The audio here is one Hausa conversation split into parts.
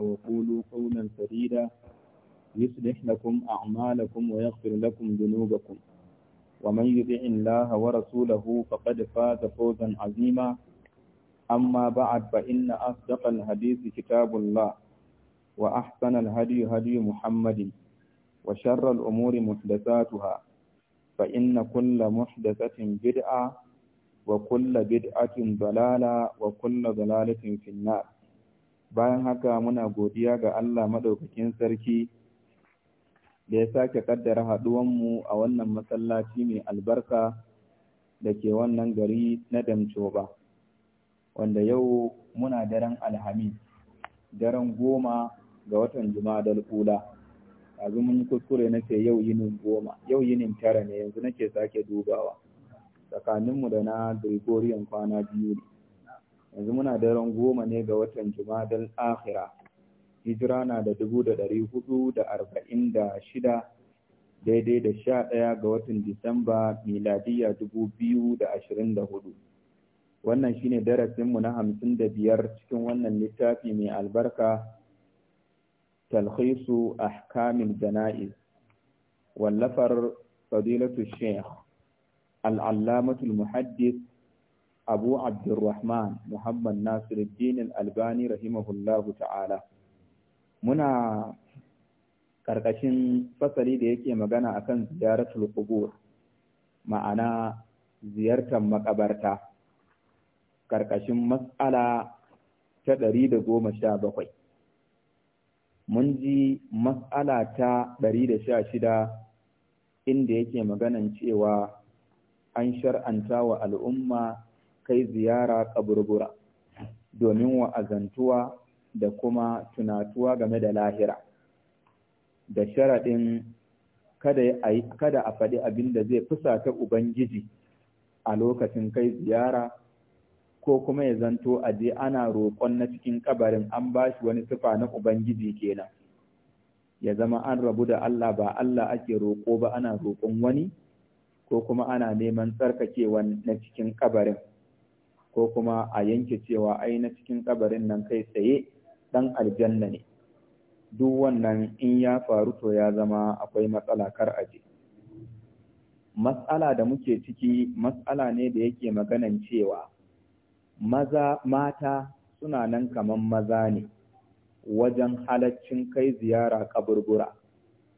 وقولوا قولا سديدا يصلح لكم أعمالكم ويغفر لكم ذنوبكم ومن يطع الله ورسوله فقد فاز فوزا عظيما أما بعد فإن أصدق الحديث كتاب الله وأحسن الهدي هدي محمد وشر الأمور محدثاتها فإن كل محدثة بدعة وكل بدعة ضلالة وكل ضلالة في النار bayan haka muna godiya ga Allah maɗaukakin sarki da ya sake kaddara mu a wannan masallaci mai albarka da ke wannan gari na Damcoba, wanda yau muna daren alhamis, daren goma ga watan Jumadal ula Yanzu mun kuskure na ce yau yinin goma, yau yinin tara ne yanzu nake sake dubawa, tsakaninmu da na Gregorian kwana biyu ne. yanzu muna daren goma ne ga watan jumadal akhira hijira na da dubu da ɗari hudu da arba'in da shida daidai da sha ɗaya ga watan disamba miladiya dubu biyu da ashirin da hudu wannan shine darasinmu na hamsin da biyar cikin wannan littafi mai albarka talhisu ahkamil jana'iz wallafar fadilatu sheikh al'allamatul muhaddis abu abdurrahman muhammad nasiruddin albani rahimahullahu ta'ala muna karkashin fasali da yake magana akan ziyaratul qubur ma'ana ziyartar maƙabarta. karkashin matsala ta ɗari da goma sha bakwai mun ji matsala ta ɗari da sha shida inda yake maganan cewa an shar'anta wa al'umma kai ziyara kaburbura domin wa'azantuwa da kuma tunatuwa game da lahira da sharaɗin kada a faɗi abin da zai ta Ubangiji a lokacin kai ziyara ko kuma ya zanto a je ana roƙon na cikin kabarin an ba shi wani sufa na Ubangiji kenan. Ya zama an rabu da Allah ba Allah ake roƙo ba ana roƙon wani ko kuma ana neman tsarkakewa na cikin kabarin. ko kuma a yanke cewa ai na cikin kabarin nan kai tsaye dan aljanna ne duk wannan in ya faru to ya zama akwai matsala kar aje matsala da muke ciki matsala ne da yake maganan cewa maza mata suna nan kaman maza ne wajen halaccin kai ziyara kaburbura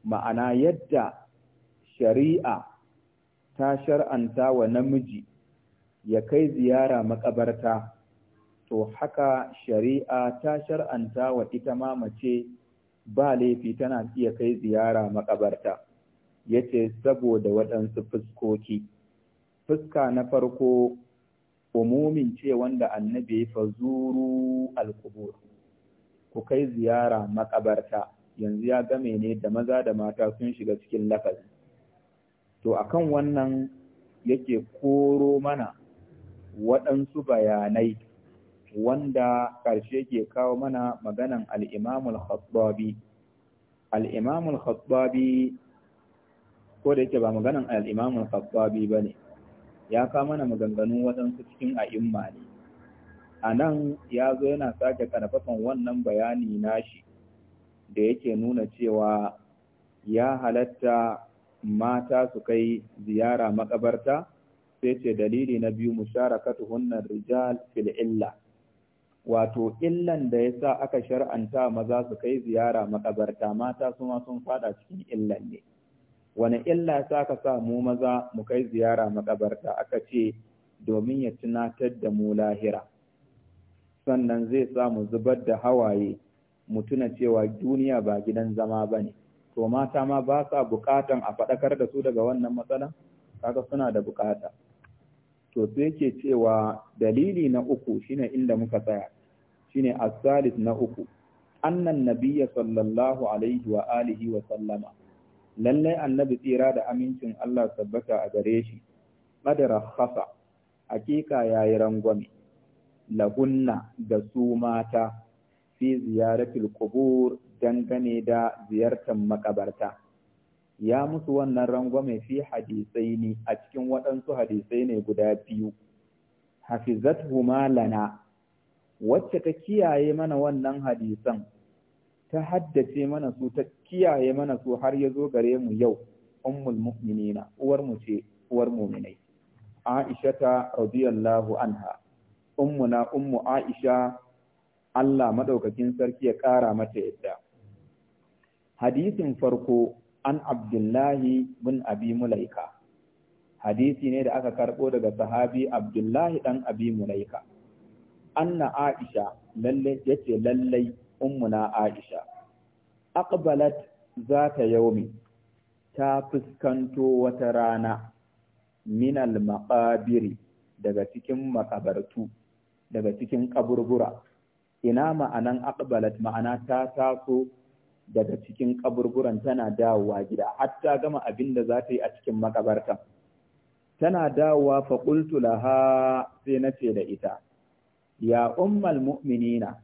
ma'ana yadda shari'a ta shar'anta wa namiji ya kai ziyara makabarta to haka shari'a ta shar'anta wa ita ma mace ba laifi tana iya kai ziyara makabarta yace saboda waɗansu fuskoki fuska na farko umumin ce wanda annabi ya fazuru alqubur ku kai ziyara makabarta yanzu ya game ne da maza da mata sun shiga cikin lafazi to akan wannan yake koro mana waɗansu bayanai wanda ƙarshe ke kawo mana maganan al'imamul khattabi al'imamul khattabi ko da yake ba maganan al'imamul khattabi ba ne ya kawo mana maganganu waɗansu cikin a'imma ne a nan ya zo yana sake ƙarfafan wannan bayani nashi da yake nuna cewa ya halatta mata su kai ziyara makabarta sai ce dalili na biyu musharakatu hunnar rijal fil illa wato illan da yasa aka shar'anta maza su kai ziyara makabarta mata su ma sun fada cikin illan ne wani illa ya saka sa mu maza mu kai ziyara makabarta aka ce domin ya tunatar da mu lahira sannan zai sa mu zubar da hawaye mu tuna cewa duniya ba gidan zama ba ne to mata ma ba sa bukatan a faɗakar da su daga wannan matsalan kaga suna da bukata to sai yake cewa dalili na uku shine inda muka tsaya shine as-salis na uku annan nabiyya sallallahu alaihi wa alihi wa sallama lallai annabi tsira da amincin Allah tabbata a gare shi madara khasa hakika yayi rangwame lahunna da su mata fi ziyaratul qubur dangane da ziyartar makabarta ya musu wannan rangwame fi hadisai ne a cikin waɗansu hadisai ne guda biyu Hafizat lana wacce ta kiyaye mana wannan hadisan ta haddace mana su ta kiyaye mana su har ya zo gare mu yau ummul mu'minina uwar mu ce uwar mu'minai Aisha ta radiyallahu anha ummuna ummu Aisha Allah madaukakin sarki ya ƙara mata yadda hadisin farko an abdullahi bin abi mulaika hadisi ne da aka karbo daga sahabi abdullahi dan abi mulaika anna aisha lalle yace lallai ummuna aisha aqbalat zata yaumi ta fuskanto wata rana minal maqabiri daga cikin makabartu daga cikin kaburbura ina ma'anan aqbalat ma'ana ta taso daga cikin kaburburan tana dawowa gida hatta gama abin da za ta yi a cikin makabarta tana dawowa fa qultu laha sai nace da ita ya ummal mu'minina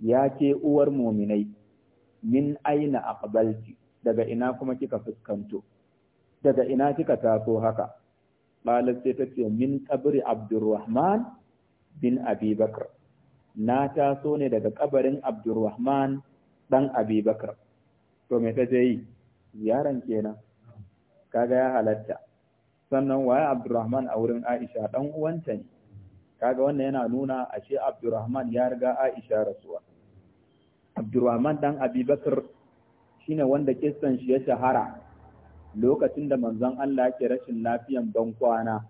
ya ke uwar mu'minai min aina aqbalti daga ina kuma kika fuskanto daga ina kika taso haka qalat sai tace min qabri abdurrahman bin abi bakr na taso ne daga kabarin abdurrahman dan Abi to me ta je yi ziyaran kenan kaga ya halatta sannan waye Abdurrahman a wurin Aisha ɗan uwanta ne kaga wannan yana nuna ashe Abdurrahman ya riga Aisha rasuwa Abdurrahman dan Abibakar Bakar shine wanda kissan shi ya shahara lokacin da manzon Allah yake rashin lafiyan ban kwana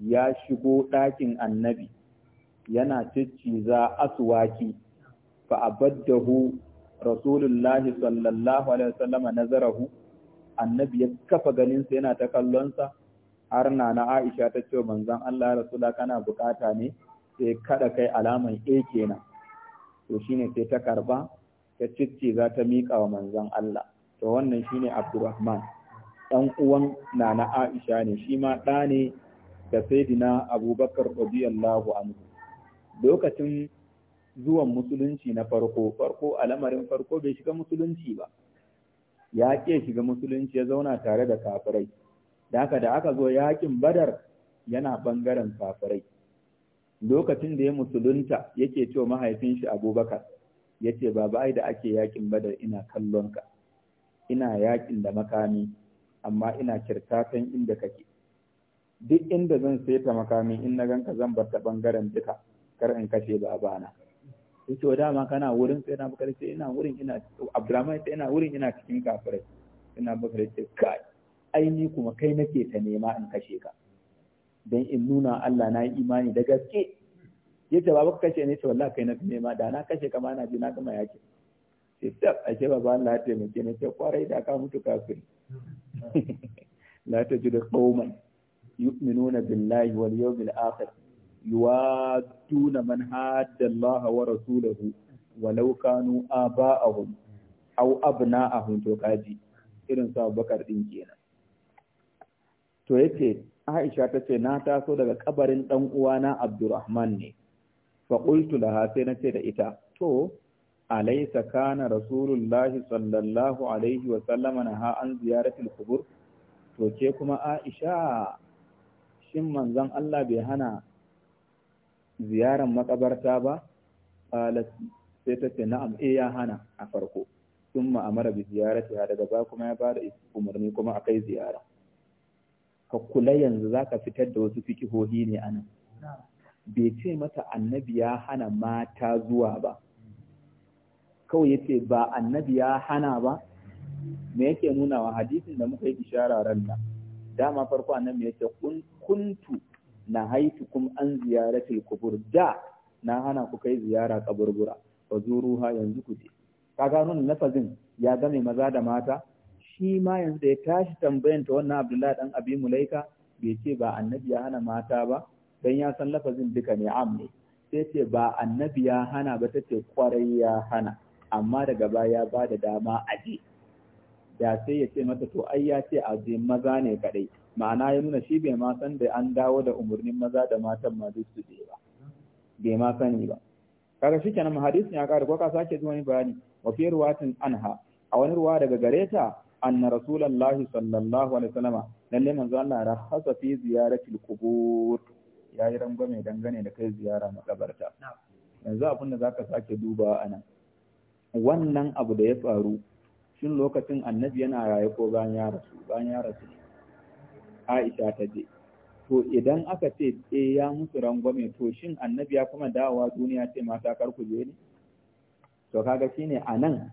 ya shigo ɗakin annabi yana cicciza aswaki fa abaddahu rasulullahi sallallahu alaihi wasallama nazarahu annabi ya kafa ganinsa yana ta kallonsa har na na Aisha ta ce manzon Allah rasula kana bukata ne sai kada kai alaman A kenan to shine sai ta karba ta cicci za ta mika wa manzon Allah to wannan shine Abdurrahman dan uwan na na Aisha ne shi ma ɗa ne da Sayyidina Abubakar radiyallahu anhu lokacin zuwan musulunci na farko farko al'amarin farko bai shiga musulunci ba ya ke shiga musulunci ya zauna tare da kafirai da haka da aka zo yakin badar yana bangaren kafirai lokacin da ya musulunta yake wa mahaifin shi abubakar yace ce baba ai da ake yakin badar ina kallon ka ina yakin da makami amma ina kirtatan inda kake duk inda zan saita makami in na ganka zan bar ta bangaren duka kar in kashe babana ya ce wa dama kana wurin sai na bakar ce ina wurin ina abdurrahman sai ina wurin ina cikin kafirai ina bakar ce kai aini kuma kai nake ta nema in kashe ka dan in nuna Allah na yi imani da gaske yace baba ka kashe ne to wallahi kai na nema da na kashe ka ma na ji na gama yaki sai tab ashe baba Allah ya taimake ni sai kwarai da ka mutu kafiri la tajidu qauman yu'minuna billahi wal yawmil akhir yuwadduna man hadda Allah wa rasulahu walau kanu aba'ahum aw abna'ahum to kaji irin sa Abubakar din kenan to yace Aisha ta ce na taso daga kabarin dan uwana Abdurrahman ne fa qultu laha sai na ce da ita to alaysa kana rasulullahi sallallahu alaihi wa sallama naha an ziyaratil qubur to ke kuma Aisha shin manzon Allah bai hana ziyaran makabarta ba sai ta ce na'am eh ya hana a farko sun ma'amara bi ziyarati ha daga ba kuma ya bada umarni kuma a kai ziyara ka kula yanzu zaka fitar da wasu fikihohi ne anan bai ce mata annabi ya hana mata zuwa ba kawai yace ba annabi ya hana ba me yake nuna wa hadisin da muka yi ishara ran dama farko annabi yace kuntu na haifi kuma an ziyara kubur da na hana ku kai ziyara kaburbura fa zuruha yanzu ku je ka gano lafazin ya game maza da mata shi ma yanzu da ya tashi tambayan ta wannan Abdullahi dan Abi Mulaika bai ce ba annabi ya hana mata ba dan ya san lafazin duka ne am ne sai ce ba annabi ya hana ba ta ce kwarai ya hana amma daga baya ba da dama aje da sai ya ce mata to ai ya ce aje maza ne kadai ma'ana ya nuna shi bai ma san da an dawo da umarnin maza da matan ma duk su je ba bai ma sani ba kaga shi kenan hadisi ya kare ko ka sake zuwa ni bayani wa fi ruwatin anha a wani ruwa daga gareta anna rasulullahi sallallahu alaihi wasallama lalle manzo Allah rahasa fi ziyaratil qubur yayi rangwame dangane da kai ziyara makabarta yanzu abin da zaka sake duba anan wannan abu da ya faru shin lokacin annabi yana raye ko bayan ya rasu bayan rasu Aisha ta je to idan aka ce e ya musu rangwame to shin annabi ya kuma dawowa duniya ce mata kar ku je ni? to kaga nan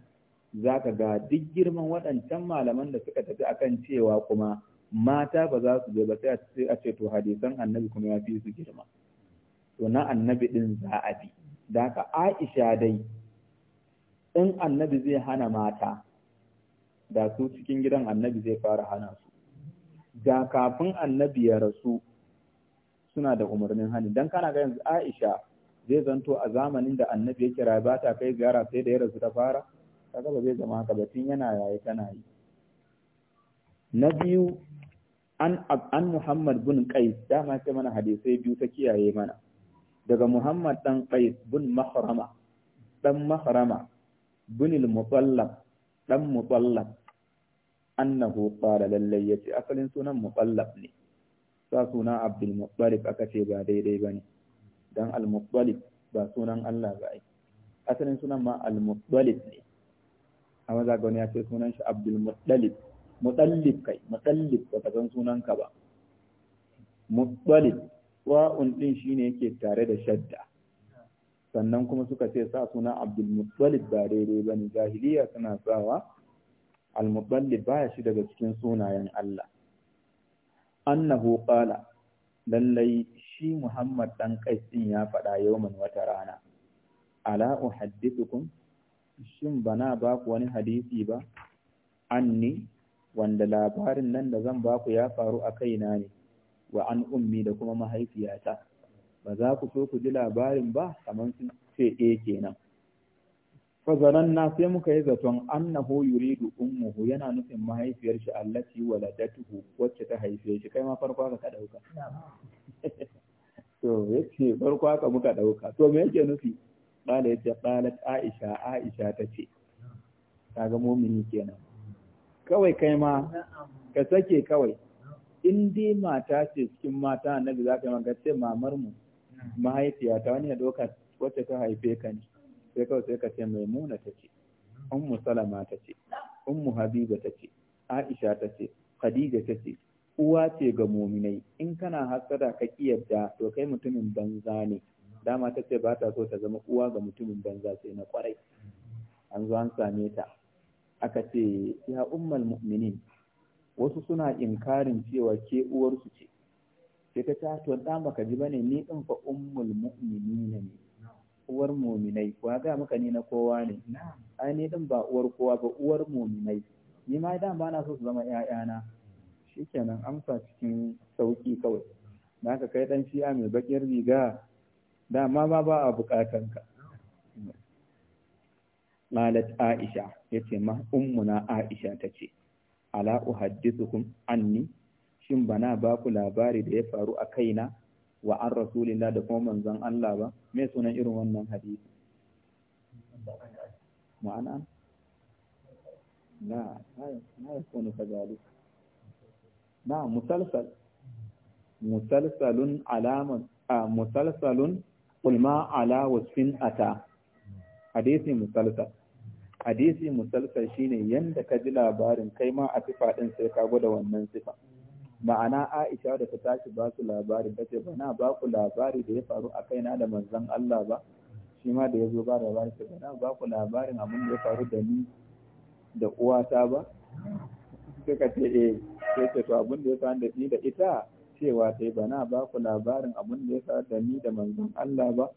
za ka ga duk girman waɗancan malaman da suka tafi akan cewa kuma mata ba za su je ba sai a ce to hadisan annabi kuma ya fi su girma to na annabi ɗin za a bi da ka Aisha dai in annabi zai hana mata da su cikin gidan annabi zai fara hana su da kafin annabi ya rasu suna da umarnin hani dan kana ga yanzu Aisha zai zanto a zamanin da annabi ya kira ba ta kai ziyara sai da ya rasu ta fara kaga ba zai zama haka ba tun yana yayi tana yi na biyu an an Muhammad bin Qais dama ce mana hadisai biyu ta kiyaye mana daga Muhammad dan Qais bin Mahrama dan Mahrama bin al-Mutallab dan Mutallab annahu qala lallai yace asalin sunan mutallab ne sa sunan abdul muttalib aka ce ba daidai bane dan al muttalib ba sunan Allah ba ai asalin sunan ma al muttalib ne amma za wani ya ce sunan shi abdul muttalib mutallib kai mutallib ba ka san sunan ka ba muttalib wa'un din shine yake tare da shadda sannan kuma suka ce sa sunan abdul muttalib ba daidai bane jahiliya suna sawa al-mutallib baya shi daga cikin sunayen Allah annahu qala lallai shi Muhammad dan Qais din ya faɗa yawman wata rana ala uhaddithukum shin bana ba ku wani hadisi ba anni wanda labarin nan da zan ba ku ya faru a kaina ne wa an ummi da kuma mahaifiyata ba za ku so ku ji labarin ba kamar sun ce e kenan na sai muka yi zaton annahu yuridu ummuhu yana nufin mahaifiyar shi allati waladatuhu wacce ta haife shi kai ma farko ka dauka to yace farko haka muka dauka to me yake nufi bala yace qalat aisha aisha tace kaga mumini kenan kawai kai ma ka sake kawai in dai mata ce cikin mata annabi zaka yi magana sai mamar mu mahaifiyata wani ya doka wacce ta haife ka ne sai kawai sai ka ce maimuna ta ce ummu salama ta ce ummu habiba ta ce aisha ta ce khadija ta ce uwa ce ga muminai in kana hasada ka kiyarda to kai mutumin banza ne dama ta ce ba ta so ta zama uwa ga mutumin banza sai na kwarai an zo an same ta aka ce ya ummal mu'minin wasu suna inkarin cewa ke uwarsu ce sai ta ce ah, to dan baka ji bane ni din fa ummul mu'minina ne uwar mominai, wa ga maka ni na kowa ne ai ni din ba uwar kowa ba uwar mominai. ni ma da ba na so su zama ƴaƴana shikenan amsa cikin sauki kawai da ka kai dan shi'a mai bakin riga dama ma ba a ka. Malat Aisha yace ma ummuna Aisha tace ala uhaddithukum anni shin bana ba ku labari da ya faru a kaina wa an rasulillah da kuma manzon Allah ba me sunan irin wannan hadisi ma'ana la la yakunu kadhalik na musalsal musalsalun alama a musalsalun ulma ala wasfin ata hadisi musalsal hadisi musalsal shine yanda ka ji labarin kai ma a sifa din sai ka gwada wannan sifa ma'ana Aisha da ta tashi ba su labari ta ce bana ba ku labari da ya faru a kaina da manzon Allah ba shi ma da ya zo ba labari ta bana ba ku labarin abin da ya faru da ni da uwata ba suka ce eh sai ce to abin da ya faru da ni da ita cewa ta yi bana ba ku labarin abin da ya faru da ni da manzon Allah ba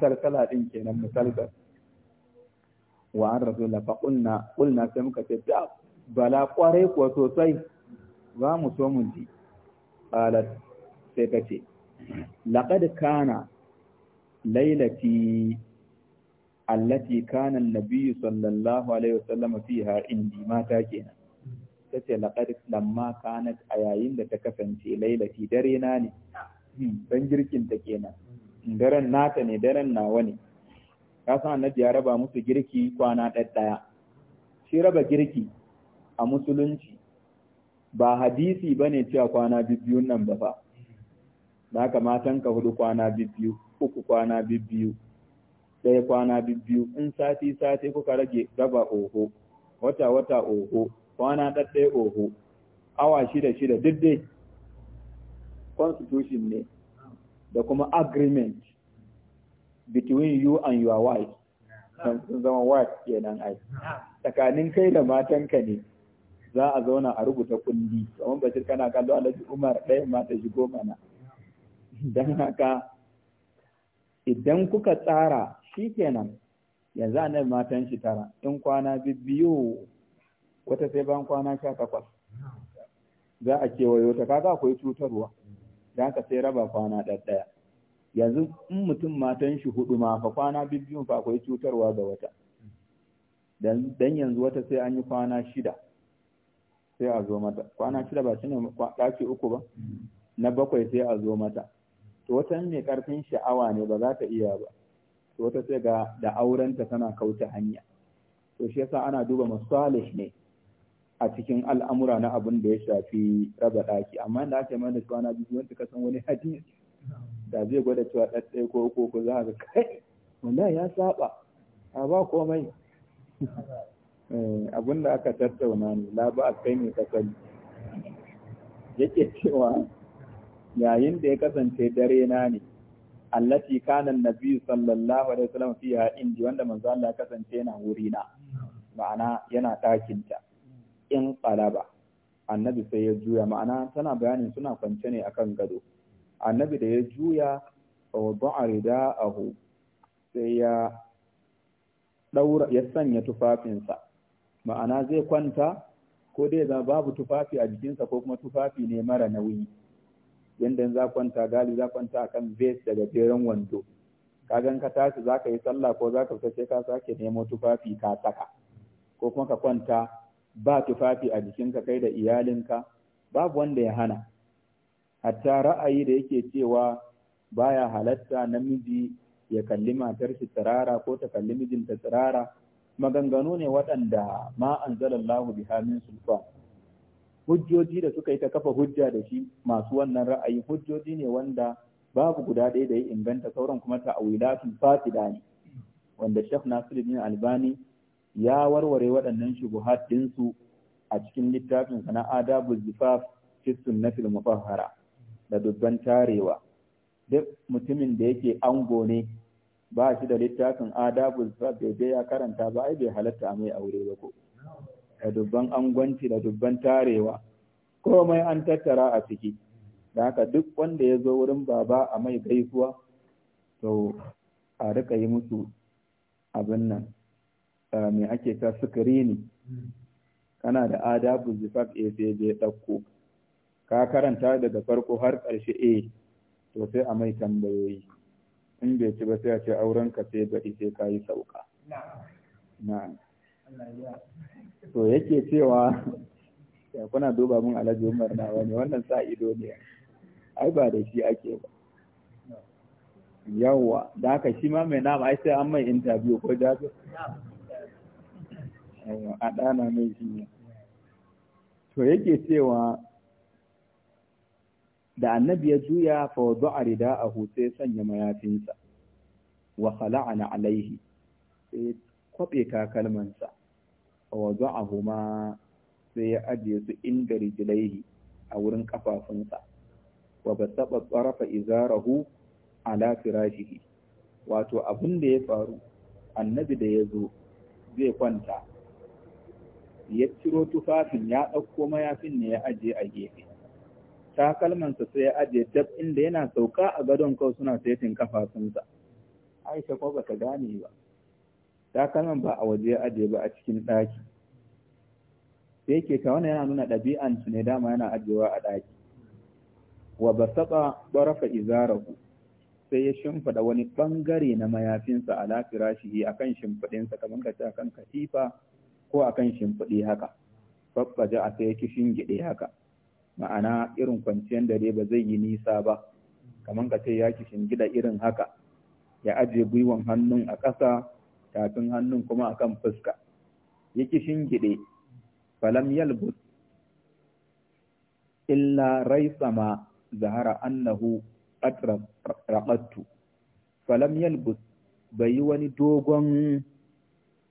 sarkala din kenan misalka wa an rasu lafa ƙulna sai muka ce ta bala kwarai kuwa sosai za mu so mu ji ƙalat sai ta ce laƙad kana lailati allati Kanan Nabiyu sallallahu alaihi wasallam fiha indi mata kenan tace laqad lamma kanat a yayin da ta kasance lailati dare na ne hmm, dan girkin ta kenan daren nata ne daren nawa ne ka san annabi ya raba musu girki kwana ɗaya shi raba girki a musulunci ba hadisi ba ne cewa kwana biyu nan ba fa da haka matan ka hudu kwana biyu uku kwana biyu ɗaya kwana biyu in sati sati kuka rage gaba oho wata wata oho kwana ɗaɗɗaya oho awa shida shida duk dai constitution ne da kuma agreement between you and your wife sun zama wife kenan ai tsakanin kai da matanka ne za a zauna a rubuta kundi kamar bashir kana kallo alhaji umar ɗaya ma ta shigo mana don haka idan kuka tsara shi kenan yanzu anan matan shi tara in kwana biyu wata sai ban kwana sha takwas za a kewayo ta kaga akwai cutarwa Za ka sai raba kwana ɗaya yanzu in mutum matan shi hudu ma fa kwana biyu fa akwai cutarwa ga wata dan yanzu wata sai an yi kwana shida sai a zo mata kwana shida ba shine ɗaki uku ba na bakwai sai a zo mata to wata ne karfin sha'awa ne ba za ta iya ba to wata sai ga da aurenta tana kauta hanya to shi yasa ana duba masalih ne a cikin al'amura na abin da ya shafi raba ɗaki amma da aka da cewa kwana biyu wanda ka san wani hadisi da zai gwada cewa ɗaɗɗai ko uku ko za ka kai wallahi ya saba a ba komai Eh, abinda aka tattauna ne labu a kai ne kasali yake cewa yayin da ya kasance dare na ne kanan na biyu sallallahu alaihi wasallam ya inji wanda manzo Allah kasance yana wuri na ma'ana yana takinta in qalaba annabi sai ya juya ma'ana tana bayanin suna kwance ne akan gado annabi da ya juya wada'a rida'ahu sai ya daura ya sanya tufafinsa ma'ana zai kwanta ko dai za babu tufafi a jikinsa ko kuma tufafi ne mara nauyi yadda za kwanta gali za kwanta a kan vest daga jeren wando kagan ka tashi za ka yi sallah ko za ka fita sai ka sake nemo tufafi ka saka ko kuma ka kwanta ba tufafi a jikinka kai da iyalinka babu wanda ya hana hatta ra'ayi da yake cewa baya halatta namiji ya kalli matar shi tsirara ko ta kalli mijinta tsirara maganganu ne waɗanda ma anzalallahu biha min sulfa hujjoji da suka yi ta kafa hujja da shi masu wannan ra'ayi hujjoji ne wanda babu guda ɗaya da ya inganta sauran kuma ta'awilatun fasida ne wanda Sheikh Nasiruddin Albani ya warware waɗannan shubuhat ɗinsu a cikin littafin sa na Adabu Zifaf fi Sunnatil mufahara da dubban tarewa duk mutumin da yake ango ne ba shi da littafin adabu bai je ya karanta ba ai bai halatta a mai aure ba ko da dubban angwanci da dubban tarewa komai an tattara a ciki da haka duk wanda ya zo wurin baba a mai gaisuwa to a rika yi musu abin nan mai ake ta sikirini kana da adabu zifaf a eh, sai je ɗauko ka karanta daga farko har ƙarshe a eh, to sai a mai tambayoyi in bai ci ba sai a ce auren ka sai gari sai ka yi sauka na'am to yake cewa ya kuna duba mun alhaji umar na wani wannan sa ido ne ai ba da shi ake ba yawwa da haka shi ma mai nama ai sai an mai interview ko jazo a ɗana mai shi ne to yake cewa da annabi ya juya fa wada'a rida'ahu sai sanya mayafinsa wa khala'ana alaihi sai kwabe kakalmansa fa du'a huma sai ya ajiye su inda rijlaihi a wurin kafafunsa wa basaba tsarafa izarahu ala firashihi wato abin da ya faru annabi da ya zo zai kwanta ya ciro tufafin ya ɗauko mayafin ne ya ajiye a gefe takalmansa sai ya ajiye dab inda yana sauka a gadon kawai suna setin kafafunsa aisha ko ba ta gane ba takalman ba a waje ya ajiye ba a cikin ɗaki sai yake ta wannan yana nuna ɗabi'an su ne dama yana ajiyewa a ɗaki wa ba saba barafa izarahu sai ya shimfiɗa wani ɓangare na mayafinsa a lafirashi a kan shimfiɗinsa kamar ka ce a katifa ko a kan shimfiɗi haka faffaje a sai ya kishin gide haka ma'ana irin kwanciyar dare ba zai yi nisa ba kamar ka ce ya kishin gida irin haka ya ajiye gwiwan hannun a ƙasa tafin hannun kuma akan fuska ya kishin gide falam yalbus illa sama zahara annahu raƙattu falam yalbus bai yi wani dogon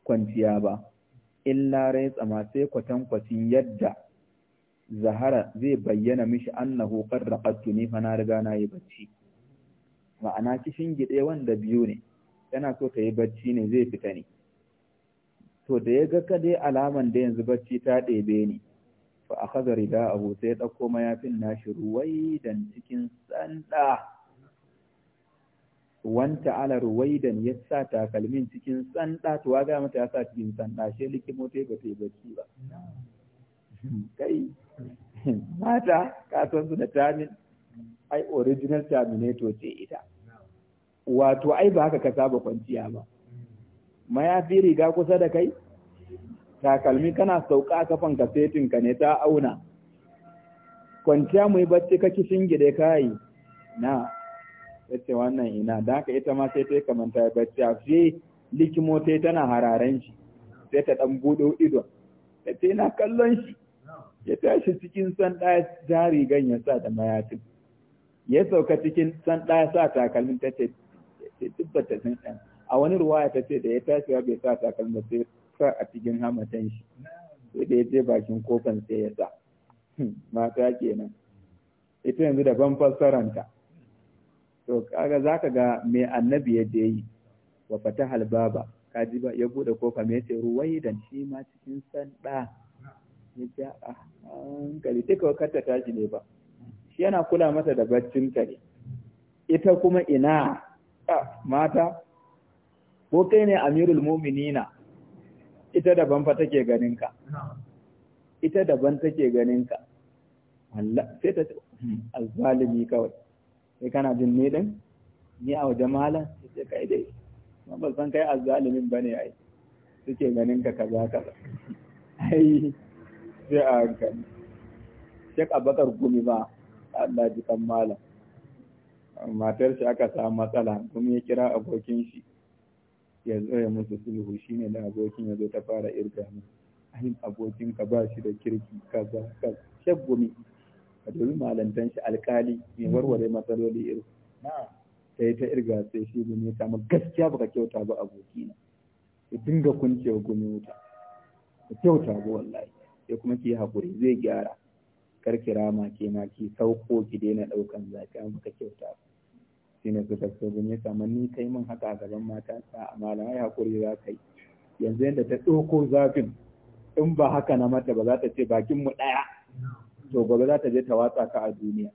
kwanciya ba illa sama sai kwatankwacin yadda zahara zai bayyana mishi annahu qarraqtu ni fa na riga na yi bacci ma'ana kishin gide wanda biyu ne yana so ta yi bacci ne zai fita ne to da ya ga kadai alaman da yanzu bacci ta ɗebe ni fa akhadha rida'ahu sai dauko mayafin nashi ruwaidan cikin sanda wanta ala ruwaidan ya sa takalmin cikin sanda to ga mata ya cikin sanda she likimo tai ba tai bacci ba kai mata kasan su da tamin ai original terminator ce ita wato ai ba haka ka saba kwanciya ba mayafi riga kusa da kai takalmi kana sauka a kafan kasetin ka ne ta auna kwanciya mu bacci ka kishin gida kayi na yace wannan ina da haka ita ma sai ta yi kamanta ya bacci a fiye likimo tana hararen shi sai ta dan budo ido ta ce na kallon shi ya tashi cikin sanda ya jari rigan ya sa da mayafin ya sauka cikin sanda ya sa takalmin ta ce tabbata sun ɗan a wani ruwaya ta ce da ya tashi bai sa takalmin sai sa a cikin hamatan shi sai da ya je bakin kofan sai ya sa hmm, mata kenan ita yanzu da ban fassaranta to kaga zaka ga me annabi ya je yi wa fatahal baba kaji ba ya bude kofa me yace ruwaidan shi ma cikin sanda ya ce a ah, hankali ta kawai kar ta tashi ne ba shi yana kula mata da baccin ta ne ita kuma ina a, ah, mata ko kai ne amirul muminina ita daban fa take ganinka. ita daban take ganinka. ka Allah sai ta hmm, azzalimi kawai sai kana jin ne din ni a wajen malam sai kai dai Ma ba san kai azzalimin bane ai suke ganin ka kaza kaza ai sai a hankali shek abakar gumi ba Allah ji kan malam matar shi aka samu matsala kuma ya kira abokin shi ya zo ya musu sulhu shine da abokin ya zo ta fara irga mu ahin abokin ka ba shi da kirki kaza ka shek gumi ka dubi malantan shi alkali mai warware matsaloli irin sai ta irga sai shi gumi ta samu gaskiya baka kyauta ba abokina ya dinga kunce gumi wuta ka kyauta ba wallahi sai kuma ki hakuri zai gyara kar ki rama ke ki sauko ki daina ɗaukan zafi an baka kyauta shi ne suka so ya samu ni kai min haka a gaban mata ta malamai haƙuri za ka yi yanzu yadda ta ɗauko zafin in ba haka na mata ba za ta ce bakin mu ɗaya to gobe za ta je ta watsa ka a duniya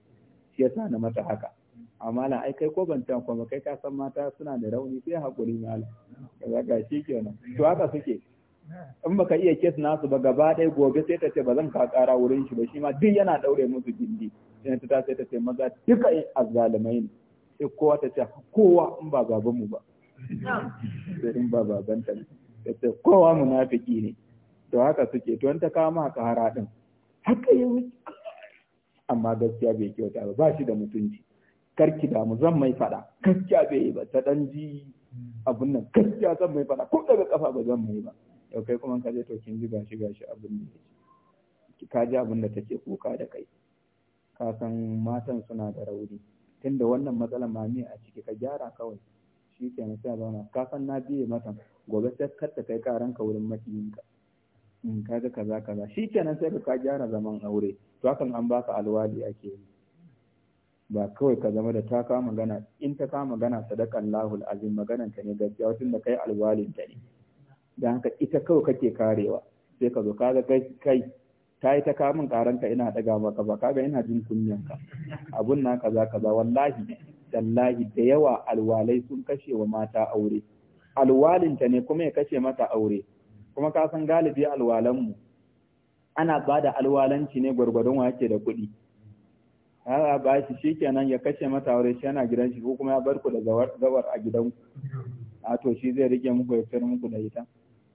shi yasa na mata haka amma na ai kai ko ban ta kuma kai ka san mata suna da rauni sai haƙuri malam ga shi kenan to haka suke in baka iya kes nasu ba gaba ɗaya gobe sai ta ce ba zan ka ƙara wurin shi ba shi ma duk yana ɗaure musu gindi sai ta sai ta ce maza duka azzalumai ne sai kowa ta ce kowa in ba baban mu ba sai in ba baban ta ta ce kowa munafiki ne to haka suke to ta kama ma kara din haka yi wuce amma gaskiya bai kyauta ba ba shi da mutunci karki da mu zan mai faɗa gaskiya bai yi ba ta ɗan ji abun nan gaskiya zan mai faɗa ko daga kafa ba zan mai ba daukai kuma ka je to kin ji gashi gashi abin da yake ka ji abin da take kuka da kai ka san matan suna da rauni tunda wannan matsalar ma me a ciki ka gyara kawai shi ke sai a zauna ka san na biye mata gobe sai kar ta kai ka wurin makiyinka in ka ga kaza kaza shi kenan sai ka gyara zaman aure to hakan an baka alwali ake yi ba kawai ka zama da ta kama magana in ta kama magana sadakan lahul azim maganan ta ne gaskiya tunda da kai alwalin ta ne Da haka ita kawai kake karewa sai ka zo kaga kai ta yi ta kamun karanta ina daga maka ba kaga ina jin kunyan ka abun na kaza kaza wallahi wallahi da yawa alwalai sun kashe wa mata aure alwalinta ne kuma ya kashe mata aure kuma ka san galibi alwalanmu ana bada alwalanci ne gwargwadon wa yake da kuɗi ya ba shi nan ya kashe mata aure shi yana gidan shi ko kuma ya bar ku da zawar a gidanku a to shi zai rike muku ya tsere muku da ita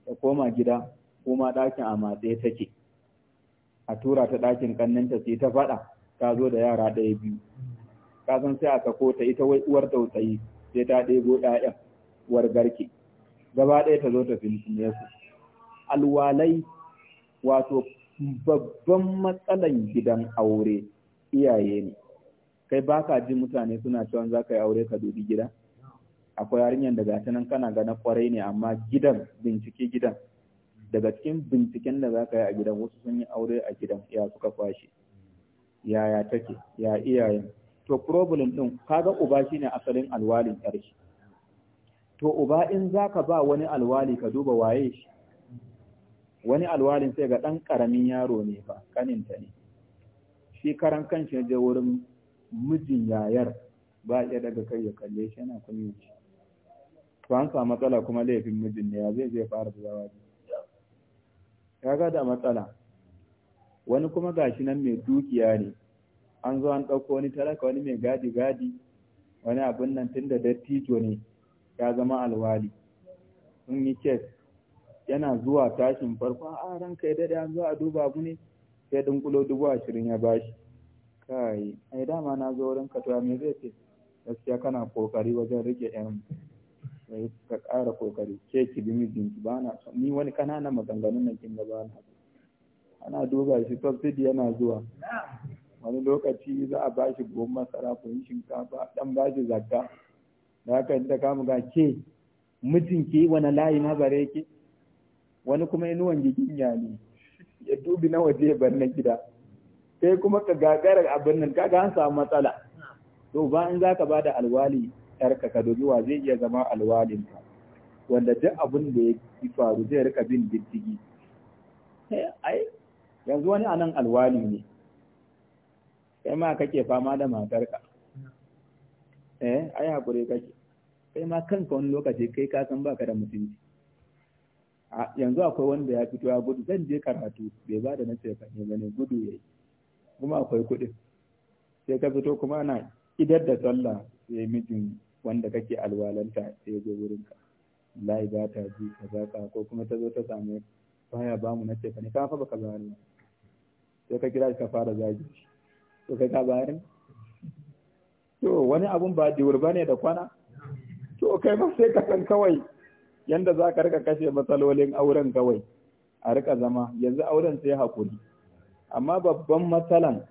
ta koma gida kuma ɗakin a matse take a tura ta ɗakin ta sai ta faɗa ta zo da yara ɗaya biyu ka san sai a sako ta ita wai uwar tausayi sai ta ɗebo ɗayan uwar garke gaba ɗaya ta zo ta filfine su alwalai wato babban matsalan gidan aure iyaye ne kai ba ka ji mutane suna cewa za ka yi aure ka dubi gida akwai yarinyar da gata nan kana ga kwarai ne amma gidan bincike gidan daga cikin binciken da za ka yi a gidan wasu sun yi aure a gidan ya suka kwashe yaya take ya iyayen to problem din kaga uba shine asalin alwalin karshe to uba in zaka ba wani alwali ka duba waye shi wani alwalin sai ga ɗan ƙaramin yaro ne fa kaninta ne shi karan kanshi ya je wurin mijin yayar ba ya daga kai ya kalle shi yana kunyin shi to an samu matsala kuma laifin mijin ne ya zai zai fara da zawa ya ga da matsala wani kuma gashi nan mai dukiya ne an zo an ɗauko wani talaka wani mai gadi gadi wani abin nan tun da dattijo ne ya zama alwali sun yi kes yana zuwa tashin farko a ran kai dade an zo a duba abu ne sai ƙulo dubu ashirin ya bashi kai ai dama na zo wurin ka to me zai ce gaskiya kana kokari wajen rike yan sai ka ƙara kokari ke ki bi mijinki ba na ni wani kananan maganganun nan kin gaba na ana duba shi subsidy yana zuwa wani lokaci za a ba shi buhun masara buhun shinkafa dan ba shi zakka da haka ta kama ga ke mijinki wani layi ma bare ki wani kuma inuwan giginya ne ya dubi na waje bar na gida kai kuma ka gagara abin nan kaga an samu matsala to ba in zaka bada alwali yarka ka domin wa zai iya zama alwalinka wanda duk abin da ya faru zai rika bin diddigi ai yanzu wani anan alwali ne kai ma kake fama da matarka eh ai hakuri kake kai ma kanka wani lokaci kai ka san baka da mutunci yanzu akwai wanda ya fito ya gudu zan je karatu bai ba da nace ka ne bane gudu yi kuma akwai kuɗin sai ka fito kuma ana idar da sallah sai mijin wanda kake alwalanta sai ya wurin wurinka lai ba ta ji za ka ko kuma ta zo ta same baya ba mu nace ka ne ka fa baka ka ba sai ka kira shi ka fara zagi to kai ka bayar to wani abun ba diwur bane da kwana to kai ma sai ka san kawai yanda za ka rika kashe matsalolin auren kawai a rika zama yanzu auren sai hakuri amma babban matsalan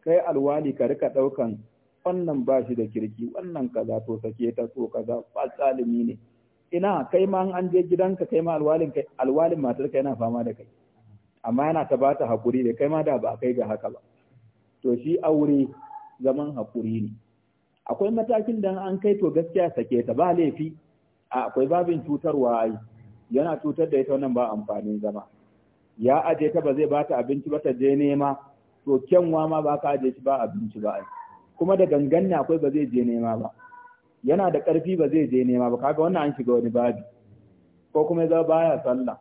kai alwali ka rika daukan wannan ba shi da kirki wannan kaza to sake ta to kaza ba fasalimi ne ina kai ma an je gidanka kai ma alwalin kai alwalin matar ka yana fama da kai amma yana ta bata hakuri da kai ma da ba kai ga haka ba to shi aure zaman hakuri ne akwai matakin da an kai to gaskiya sake ta ba laifi akwai babin cutarwa ai yana cutar da ita wannan ba amfanin zama ya aje ta ba zai bata abinci ba ta je nema to kyanwa ma ba ka aje shi ba abinci ba ai kuma da gangan ne akwai ba zai je nema ba yana da ƙarfi ba zai je nema ba kaga wannan an shiga wani babi ko kuma ya baya sallah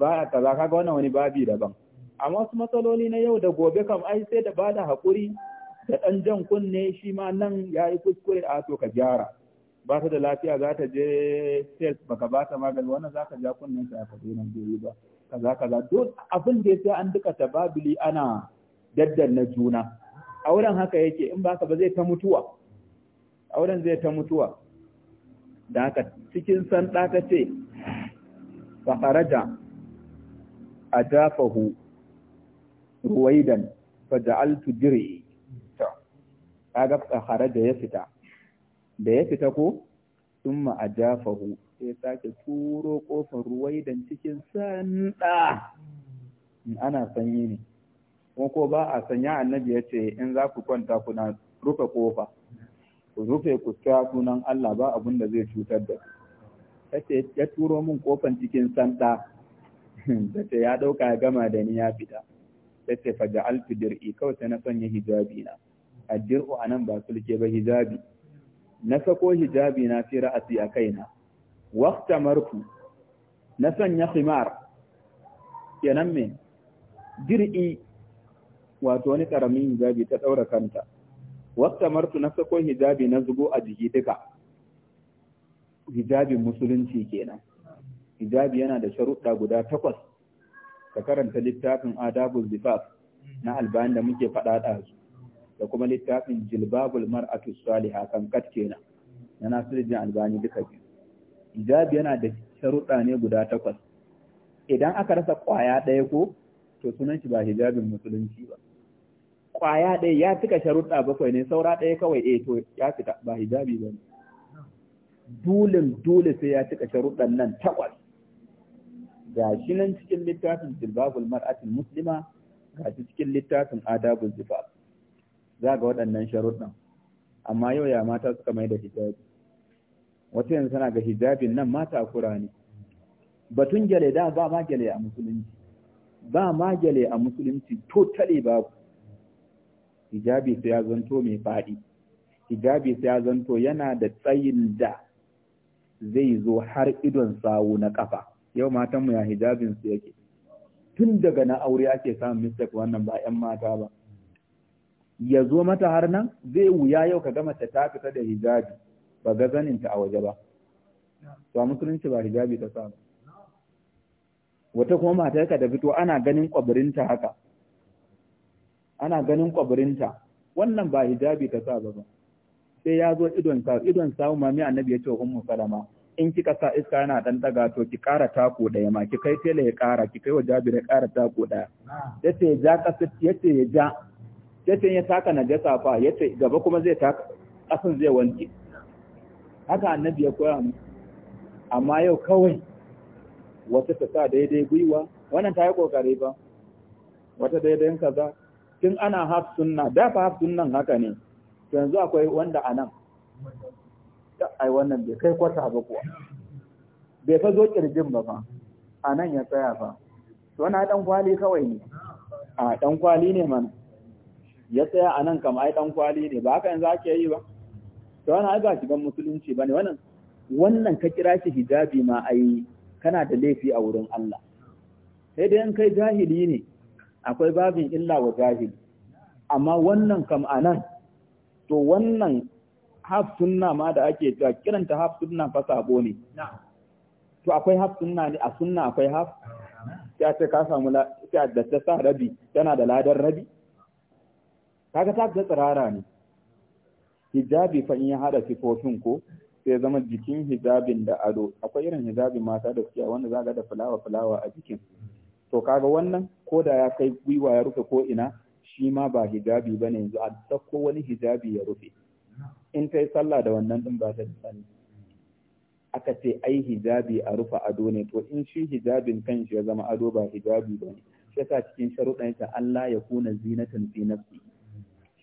baya kaza kaga wannan wani babi daban amma wasu matsaloli na yau da gobe kam ai sai da bada hakuri da ɗan jan kunne shi ma nan yayi kuskure a to ka gyara ba ta da lafiya za ta je test baka ba ta magani wannan za ka ja kunnen ta ka daina gobe ba kaza kaza duk abin da ya sai an duka tababili ana na juna auren haka yake in ba ka, ba zai ta mutuwa auren zai ta mutuwa da haka cikin san ta ce faharaja a dafahu ruwaidan faja'altu dir'i to kaga faharaja ya fita da ya fita ko summa ajafahu sai sake turo kofar ruwaidan cikin sanda ana sanyi ne ko ko ba a sanya annabi ya ce in za ku kwanta kuna rufe kofa ku rufe ku kira sunan Allah ba abin da zai cutar da ku ya turo min kofan cikin Santa, da ya dauka ya gama da ni ya fita ta ce fa da dir'i kawai sai na sanya hijabi na addir'u anan ba sulke ba hijabi na sako hijabi na fi ra'asi a kaina waqta marku na sanya khimar kenan me dir'i wato wani karamin hijabi ta ɗaura kanta wata martu na sako hijabi na zugo a jiki duka hijabin musulunci kenan hijabi yana da sharuɗa guda takwas ka karanta littafin adabul zifaf na albayan da muke faɗa ɗazu da kuma littafin jilbabul mar'atu salihah kan kat kenan na nasirin albani duka biyu hijabi yana da sharuɗa ne guda takwas idan aka rasa kwaya ɗaya ko to sunan shi ba hijabin musulunci ba kwaya ɗaya ya cika sharuɗa bakwai ne saura ɗaya kawai eh to ya fita ba hijabi ba ne dulin dole sai ya cika sharuɗan nan takwas ga shi nan cikin littafin Zilbabul mar'atin muslima ga shi cikin littafin adabul jifaf za ga waɗannan sharuɗan amma yau ya mata suka mai da hijabi wata yanzu tana ga hijabin nan mata kura ne batun gyale da ba ma gyale a musulunci ba ma gyale a musulunci totali babu hijabi sai ya zanto mai faɗi hijabi sai ya zanto yana da tsayin da zai zo har idon sawu na kafa yau matan mu ya hijabin su yake tun daga na aure ake samun mistake wannan ba 'yan mata ba ya zo mata har nan zai wuya yau ka gama ta fita da hijabi ba ga zaninta a waje ba to musulunci ba hijabi ta samu wata kuma mata ka da fito ana ganin kwabirinta haka ana ganin kwabirinta wannan ba hijabi ta sa ba sai ya zo idon sa idon mu mami annabi ya ce ummu salama in kika sa iska yana dan daga to ki kara tako daya ma ki kai tele ya kara ki kai wa jabi ya kara tako daya yace ya ja kasa yace ya ja yace ya taka najasa fa yace gaba kuma zai taka kasan zai wanke haka annabi ya koya mu amma yau kawai wata ta sa daidai gwiwa wannan ta yi kokari ba wata daidai kaza tun ana haf sunna da fa haf sunnan haka ne yanzu akwai wanda anan ai wannan bai kai kwata ba kuwa bai fa zo kirjin ba fa anan ya tsaya fa to na dan kwali kawai ne a dan kwali ne mana ya tsaya anan kam ai dan kwali ne ba haka yanzu ake yi ba to wannan ba shigan musulunci bane wannan wannan ka kira shi hijabi ma ai kana da laifi a wurin Allah sai dai in kai jahili ne akwai babin illa wa jahili amma wannan kam anan to wannan haf sunna ma da ake cewa kiranta haf sunna fa sabo ne to akwai haf sunna ne a sunna akwai haf Ya ce ka samu sai da ta sa rabi tana da ladan rabi kaga ta ga tsirara ne hijabi fa in ya hada sifofin ko sai zama jikin hijabin da ado akwai irin hijabin mata da suke wanda zaga da fulawa fulawa a jikin to kaga wannan ko da ya kai gwiwa ya rufe ko ina shi ma ba hijabi bane yanzu a dauko wani hijabi ya rufe in kai sallah da wannan din ba ta da sani aka ce ai hijabi a rufe ado ne to in shi hijabin kanshi ya zama ado ba hijabi bane sai yasa cikin sharuɗan ta Allah ya kuna zinatan fi nafsi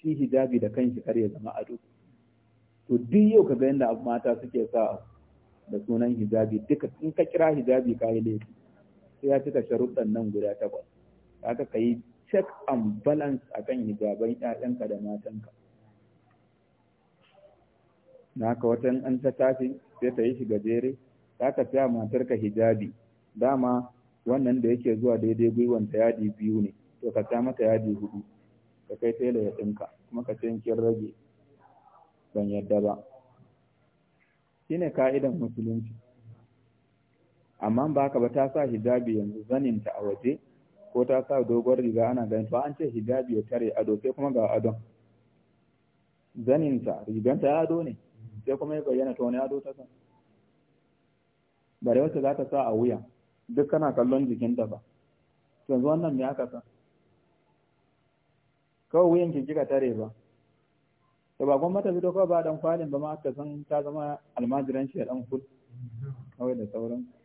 shi hijabi da kanshi kar ya zama ado to duk yau kaga yanda mata suke sa da sunan hijabi duka in ka kira hijabi kai laifi sai ya cika sharuɗan nan guda takwas haka ka yi check and balance akan hijaban ƴaƴanka da matanka na haka watan an ta tafi sai ta yi shi gajere za ka sa matarka hijabi dama wannan da yake zuwa daidai gwiwan ta yadi biyu ne to ka sa mata yadi hudu ka kai tela ya ɗinka kuma ka ce kin rage ban yadda ba shine ka'idan musulunci amma ba haka ba ta sa hijabi yanzu zaninta a waje ko ta sa dogon riga ana ganin to an ce hijabi ya tare ado sai kuma ga adon zaninta riganta ya ado ne sai kuma ya bayyana ta wani ado ta sa bare wata za ta sa a wuya duk kana kallon jikinta ba yanzu wannan me aka sa kawai wuyan ki kika tare ba da ba mata fito kawai ba dan kwalin ba ma aka san ta zama almajiran shi dan kul kawai da sauransu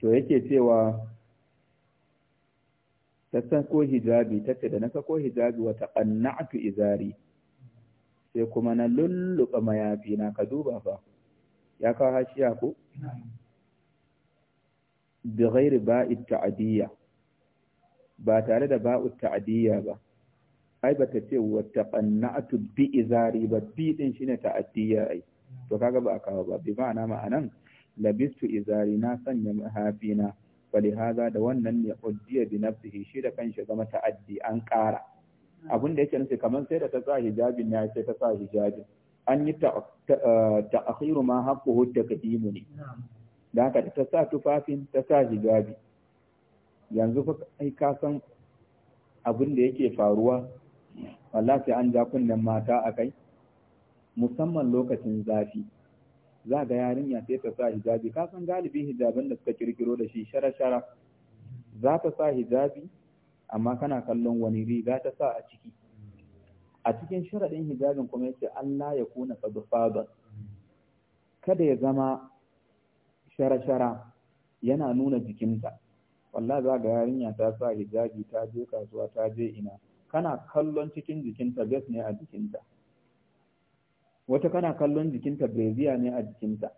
to yake cewa ta ko hijabi ta ce da na ko hijabi wata annatu izari sai kuma na lulluɓa mayafi na ka duba fa ya kawo hashiya ko bi ghairi ba'i ta'adiyya ba tare da bau ta'adiyya ba ai ba ta ce wata ƙanna'atu bi izari ba bi shi shine ta'adiyya ai to kaga ba a kawo ba bi ma'ana ma'anan labistu izari na sanya mahafina fali haza da wannan ne hujjiya bi nafsihi shi da kanshi zama ta'addi an kara abin da yake nufi kamar sai da ta sa hijabin ya sai ta sa hijabin an yi eh, ta'akhiru ma haqquhu taqdimu ne da haka ta sa tufafin ta sa hijabi yanzu fa kai ka san abin da yake faruwa wallahi an ja kunnen mata akai musamman lokacin zafi za ga yarinya sai ta sa hijabi ka san galibi hijabin da suka kirkiro da shi shara-shara za ta sa hijabi amma kana kallon wani riga ta sa a ciki a cikin sharaɗin hijabin kuma yake Allah ya kuna fadfadan kada ya zama shara-shara yana nuna jikinta wallahi za ga yarinya ta sa hijabi ta je kasuwa ta je ina kana kallon cikin jikinta gas ne a jikinta wata kana kallon jikinta breziya ne a jikinta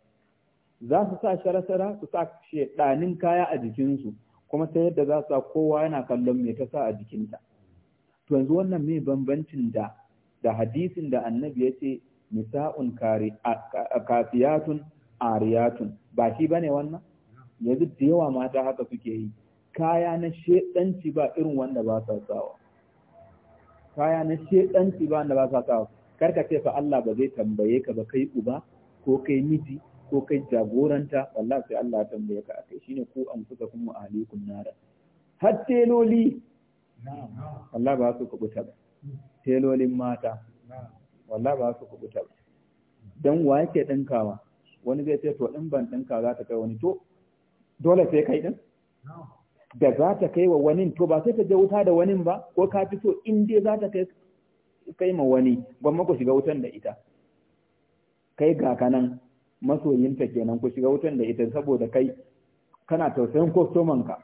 za su sa sharasara su sa shedanin kaya a jikinsu kuma ta yadda za su sa kowa yana kallon me ta sa a jikinta to yanzu wannan mai bambancin da da hadisin da annabi ya ce nisa'un kafiyatun ariyatun ba shi bane wannan yanzu da yawa mata haka suke yi kaya na shedanci ba irin wanda ba sa sawa kaya na shedanci ba wanda ba sa sawa kar ka ce fa Allah ba zai tambaye ka ba kai uba ko kai miji ko kai jagoranta wallahi sai Allah ya tambaye ka akai shine ku an kusa kuma ahlikum nara har teloli Allah ba su kubuta ba telolin mata wallahi ba su kubuta ba dan wa yake dinkawa wani zai ce to din ban dinka za ta kai wani to dole sai kai din da za ta kai wa wani to ba sai ta je wuta da wani ba ko ka fi so in dai za ta kai kai ma wani gwamma ku shiga wutan da ita kai ga kanan masoyinta kenan ku shiga wutan da ita saboda kai kana tausayin kwastoman ka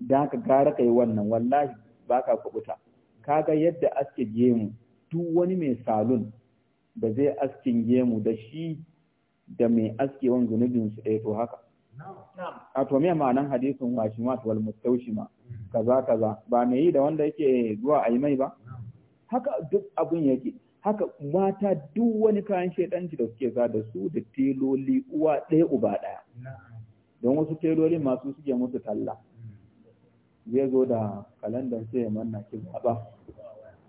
da ka gara kai wannan wallahi baka ka kubuta kaga yadda aske gemu duk wani mai salon da zai askin gemu da shi da mai wan zunubin su ɗaya eh to haka a to me ma'anan hadisin washimat wal mustaushima kaza kaza ba mai yi da wanda yake zuwa ayi mai ba haka duk abin yake haka mata duk wani kayan shaidanci da suke za da su da teloli uwa ɗaya uba ɗaya don wasu teloli masu suke musu talla zai zo da kalandar sai ya manna ki zaɓa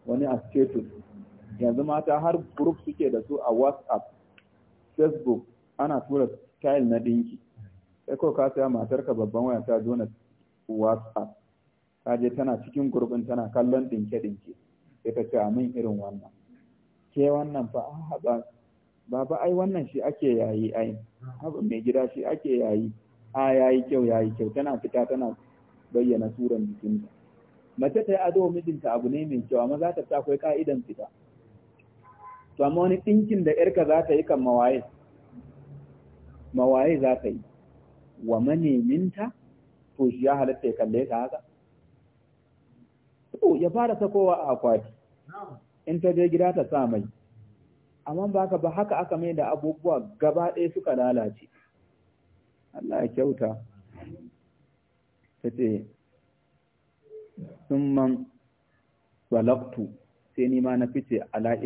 wani a status yanzu mata har group suke da su a whatsapp facebook ana tura style na dinki sai ko ka saya matarka babban waya ta zo na whatsapp kaje je tana cikin gurbin tana kallon dinke-dinke ita ce ce amin irin wannan ke wannan fa ah, haɓa baba ai wannan shi ake yayi ai haɓa mai gida shi ake yayi a yayi kyau yayi kyau tana fita tana bayyana turan jikinta mace ta yi ado mijinta abu ne mai kyau amma za ta ta akwai ka'idan fita to amma wani ɗinkin da yarka za ta yi kan mawaye mawaye za ta yi wa maneminta to shi ya halatta ya kalle ta haka to ya fara sakowa a akwati in ta je gida ta sa mai amma ba ka ba haka aka mai da abubuwa gaba ɗaya suka lalace Allah ya kyauta ta ce sun man walaktu sai ni na fice ala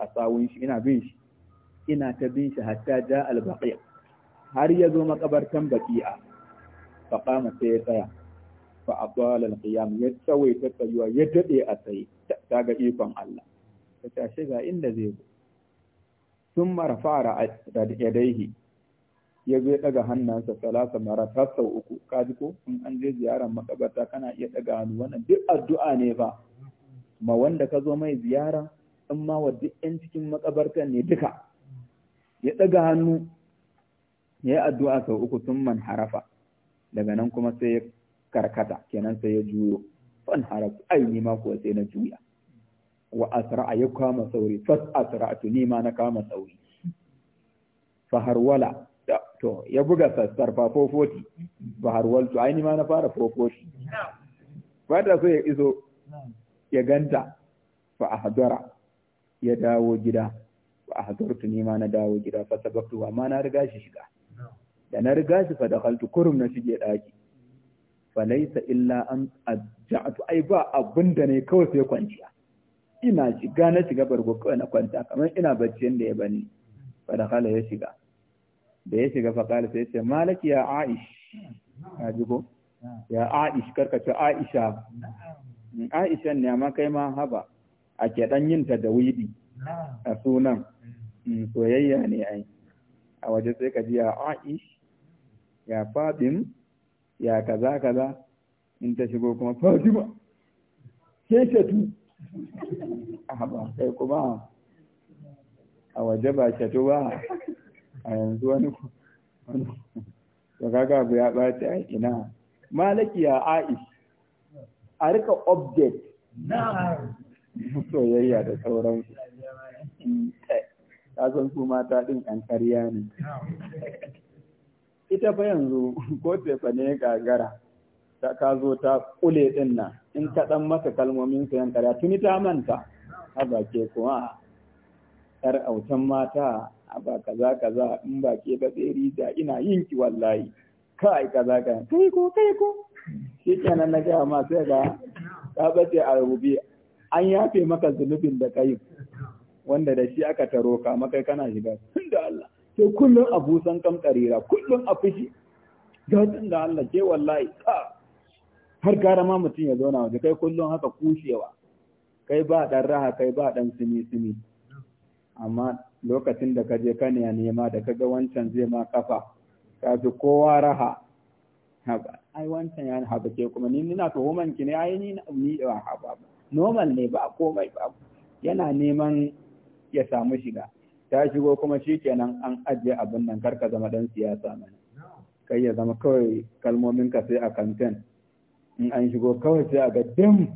a sawun shi ina bin shi ina ta bin shi hatta ja albaqiya har ya zo baƙi a faqama sai ya tsaya fa adala alqiyam ya tsawaita tsayuwa ya dade a tsaye ta ga ikon Allah ta tashi ga inda zai go sun marfara yadaihi ya zo ya daga hannansa salasa marata sau uku ka ji ko in an je ziyarar makabarta kana iya daga hannu wannan duk addu'a ne ba ma wanda ka zo mai ziyara in ma wa duk yan cikin makabartan ne duka ya daga hannu ya yi addu'a sau uku sun man harafa daga nan kuma sai karkata kenan sai ya juyo fan haraku ai ni ma kuwa sai na juya wa asra'a ya kama sauri fas asra'atu ni ma na kama sauri fa harwala to ya buga sassar fa 440 fa harwaltu ai ni ma na fara 440 fata so ya iso ya ganta fa ahdara ya dawo gida fa ahdartu ni ma na dawo gida fa wa amma na riga shi shiga da na riga shi fa dakhaltu kurum na shige daki falaisa illa an ajja'atu ai ba abin da ne kawai sai kwanciya ina shiga na shiga bargo kawai na kwanta kamar ina bacci yanda ya bani fa da kala ya shiga da ya shiga fa kala sai ya ce malaki ya aish ka ji ko ya aish karka ce aisha aishan ne amma kai ma haba a ke dan yin ta da widi a sunan mm, soyayya ne ai a waje sai ka ji ya aish ya fadin ya kaza kaza in ta shigo kuma fatima ke shatu ba sai kuma a waje ba shatu ba a yanzu wani to kaga abu ya bace a ina malaki ya aish a rika object soyayya da sauransu ta san su mata ɗin ƙanƙariya ne ita fa yanzu ko tefa ne gagara ta ka zo ta kule din nan in ka dan maka kalmomin sa yan kara tuni ta manta a bake kuma yar autan mata a ba kaza kaza in ba ke ba tseri da ina yin ki wallahi kai kaza ka kai ko kai ko shikenan na ga ma sai ga ka bace a rubi an yafe maka zunubin da kai wanda da shi aka taro ka makai kana shiga da Allah sai kullum a busan kam karira kullum a fushi ga da Allah ke wallahi ka har gara ma mutum ya zauna waje kai kullum haka kushewa kai ba dan raha kai ba dan sumi sumi amma lokacin da ka je ka ne nema da kaga wancan zai ma kafa ka ji kowa raha haba ai wancan ya haba ke kuma ni ina tuhuman ki ne ai ni ni haba normal ne ba komai ba yana neman ya samu shiga ta shigo kuma shi kenan an ajiye abin nan karka zama dan siyasa mana kai ya zama kawai kalmomin ka sai a kamfen in an shigo kawai sai a ga dim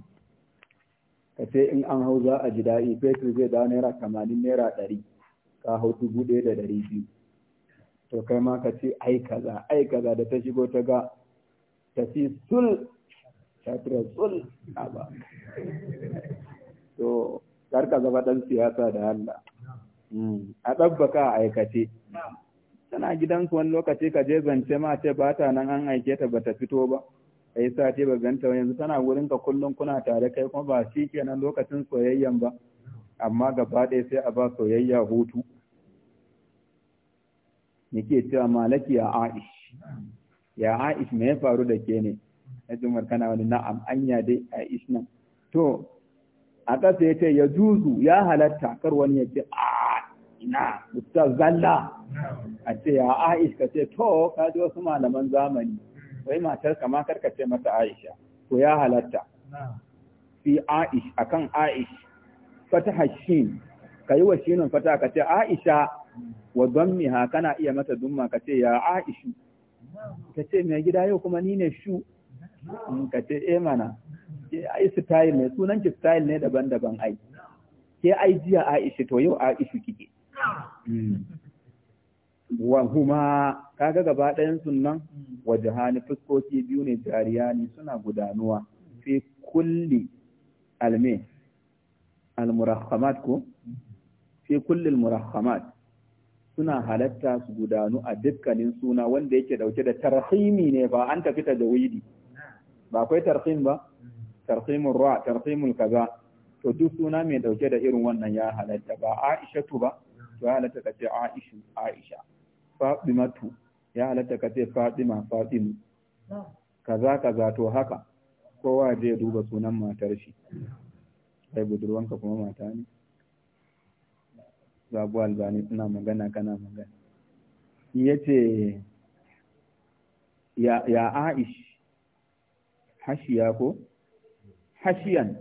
ka sai in an hau za a ji daɗi fetur zai dawo naira tamanin naira ɗari ka hau dubu ɗaya da ɗari biyu to kai ma ka ce ai kaza ai kaza da ta shigo ta ga ta fi sul ta tura sul a ba to karka zama ɗan siyasa da Allah Hmm. a ɗabbaka a aikace tana gidansu wani lokaci ka je zance ma ce ba ta nan an aike ta ba ta fito ba a yi sati ba ganta yanzu tana wurin ka kullum kuna tare kai kuma ba shi kenan lokacin soyayyan ba amma gaba ɗaya sai a ba soyayya hutu yake cewa malaki ya aish ya aish me ya faru da ke ne ya ji kana wani na'am anya dai aish nan to a ƙasa ya ce ya juzu ya halatta kar wani ya ce a ustaz zalla a ce ya aisha ce to ka ji wasu malaman zamani wai matar kama karka ce mata aisha Ko ya halatta fi aish akan aish fataha shin kayi wa shinun fata ka ce aisha wa miha kana iya mata dumma ka ce ya aishu ka ce mai gida yau kuma ni ne shu mm, ka ce e mana ai style ne sunan style ne daban-daban ai ke ai jiya Aisha to yau Aisha kike Mm. wa huma kaga gaba ɗayan sunan wajahani fuskoki biyu ne jariya ne suna gudanuwa fi kulli alme almurahamat ko fi kulli almurahamat suna halatta su gudanu a dukkanin suna wanda yake dauke da tarhimi ne ba an tafi ta jawidi ba akwai tarhim ba tarhimul ra tarhimul kaza to duk suna mai dauke da irin wannan ya halatta ba aishatu ba to ya halatta ka ce Aisha Aisha Fatimatu ya halatta ka ce Fatima Fatimu kaza kaza to haka kowa zai duba sunan matar shi sai budurwanka kuma mata ne babu albani suna magana kana magana yace ya ya Aish hashiya ko hashiyan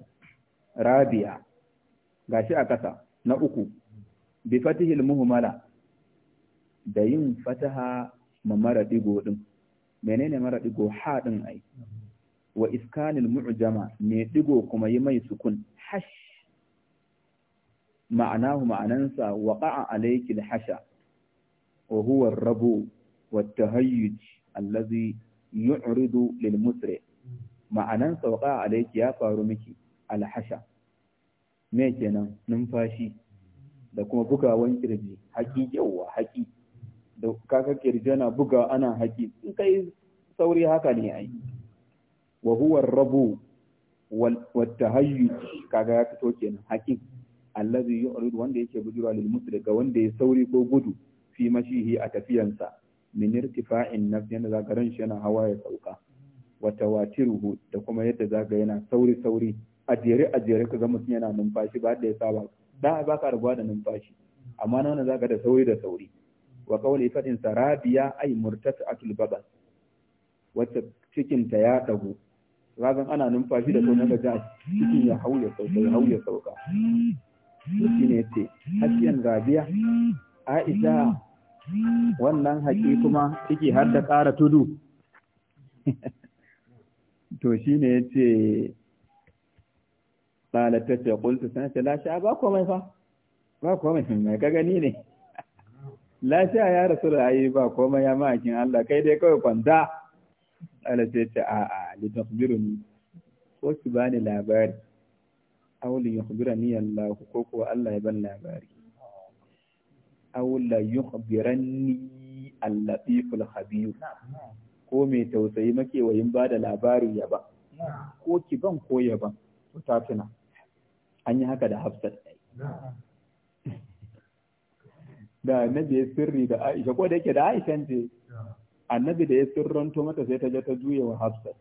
rabi'a gashi a kasa na uku bi fatihil muhmala da yin fataha ma mara digo din menene mara digo ha din ai wa iskanil mu'jama ne digo kuma yi mai sukun hash ma'anahu ma'anansa waqa'a alaykil hasha wa huwa ar-rabu wat-tahayyuj allazi yu'ridu lil musri ma'anansa waqa'a alayki ya faru miki al-hasha me kenan numfashi da kuma bugawan kirji haƙi yauwa haƙi da kaka kirji yana buga ana haƙi in kai sauri haka ne ai wa huwa rabu wa tahayyu kaga ya fito kenan haƙin allazi yu'ridu wanda yake bujura lil musli ga wanda ya sauri ko gudu fi mashihi a tafiyansa min irtifa'in nafs yana zagaran shi yana hawa ya sauka wa tawatiruhu da kuma yadda zaga yana sauri sauri a jere a jere kaga mutum yana numfashi ba da ya saba da a baka rubuwa da numfashi amma na wannan zaka da sauri da sauri wa qawli fadin sarabiya ay murtatatul badan wacce cikin ta ya dagu ragan ana numfashi da kuma ga ja cikin ya hauya sauka ya hauya sauka shi ne ce hakiyan rabiya aisha wannan haƙi kuma ciki har da ƙara tudu to shi ne ya ce qalat ta ce qultu لا ce la ba komai fa ba komai mai ka gani ne la ya rasu ayi ba komai ya makin Allah kai dai kawai kwanta Allah sai ta ko ki bani labari aw li ni Allah ko ko Allah ya ban labari yukhbirani al-latiful khabir ko mai tausayi makewayin ba da labari ya ba, ko ki ban ko ya ko tafina. an yi haka da hafsat da annabi ya sirri da aisha ko da yake da Aisha ce annabi da ya sirranto mata sai ta je ta juye wa hafsat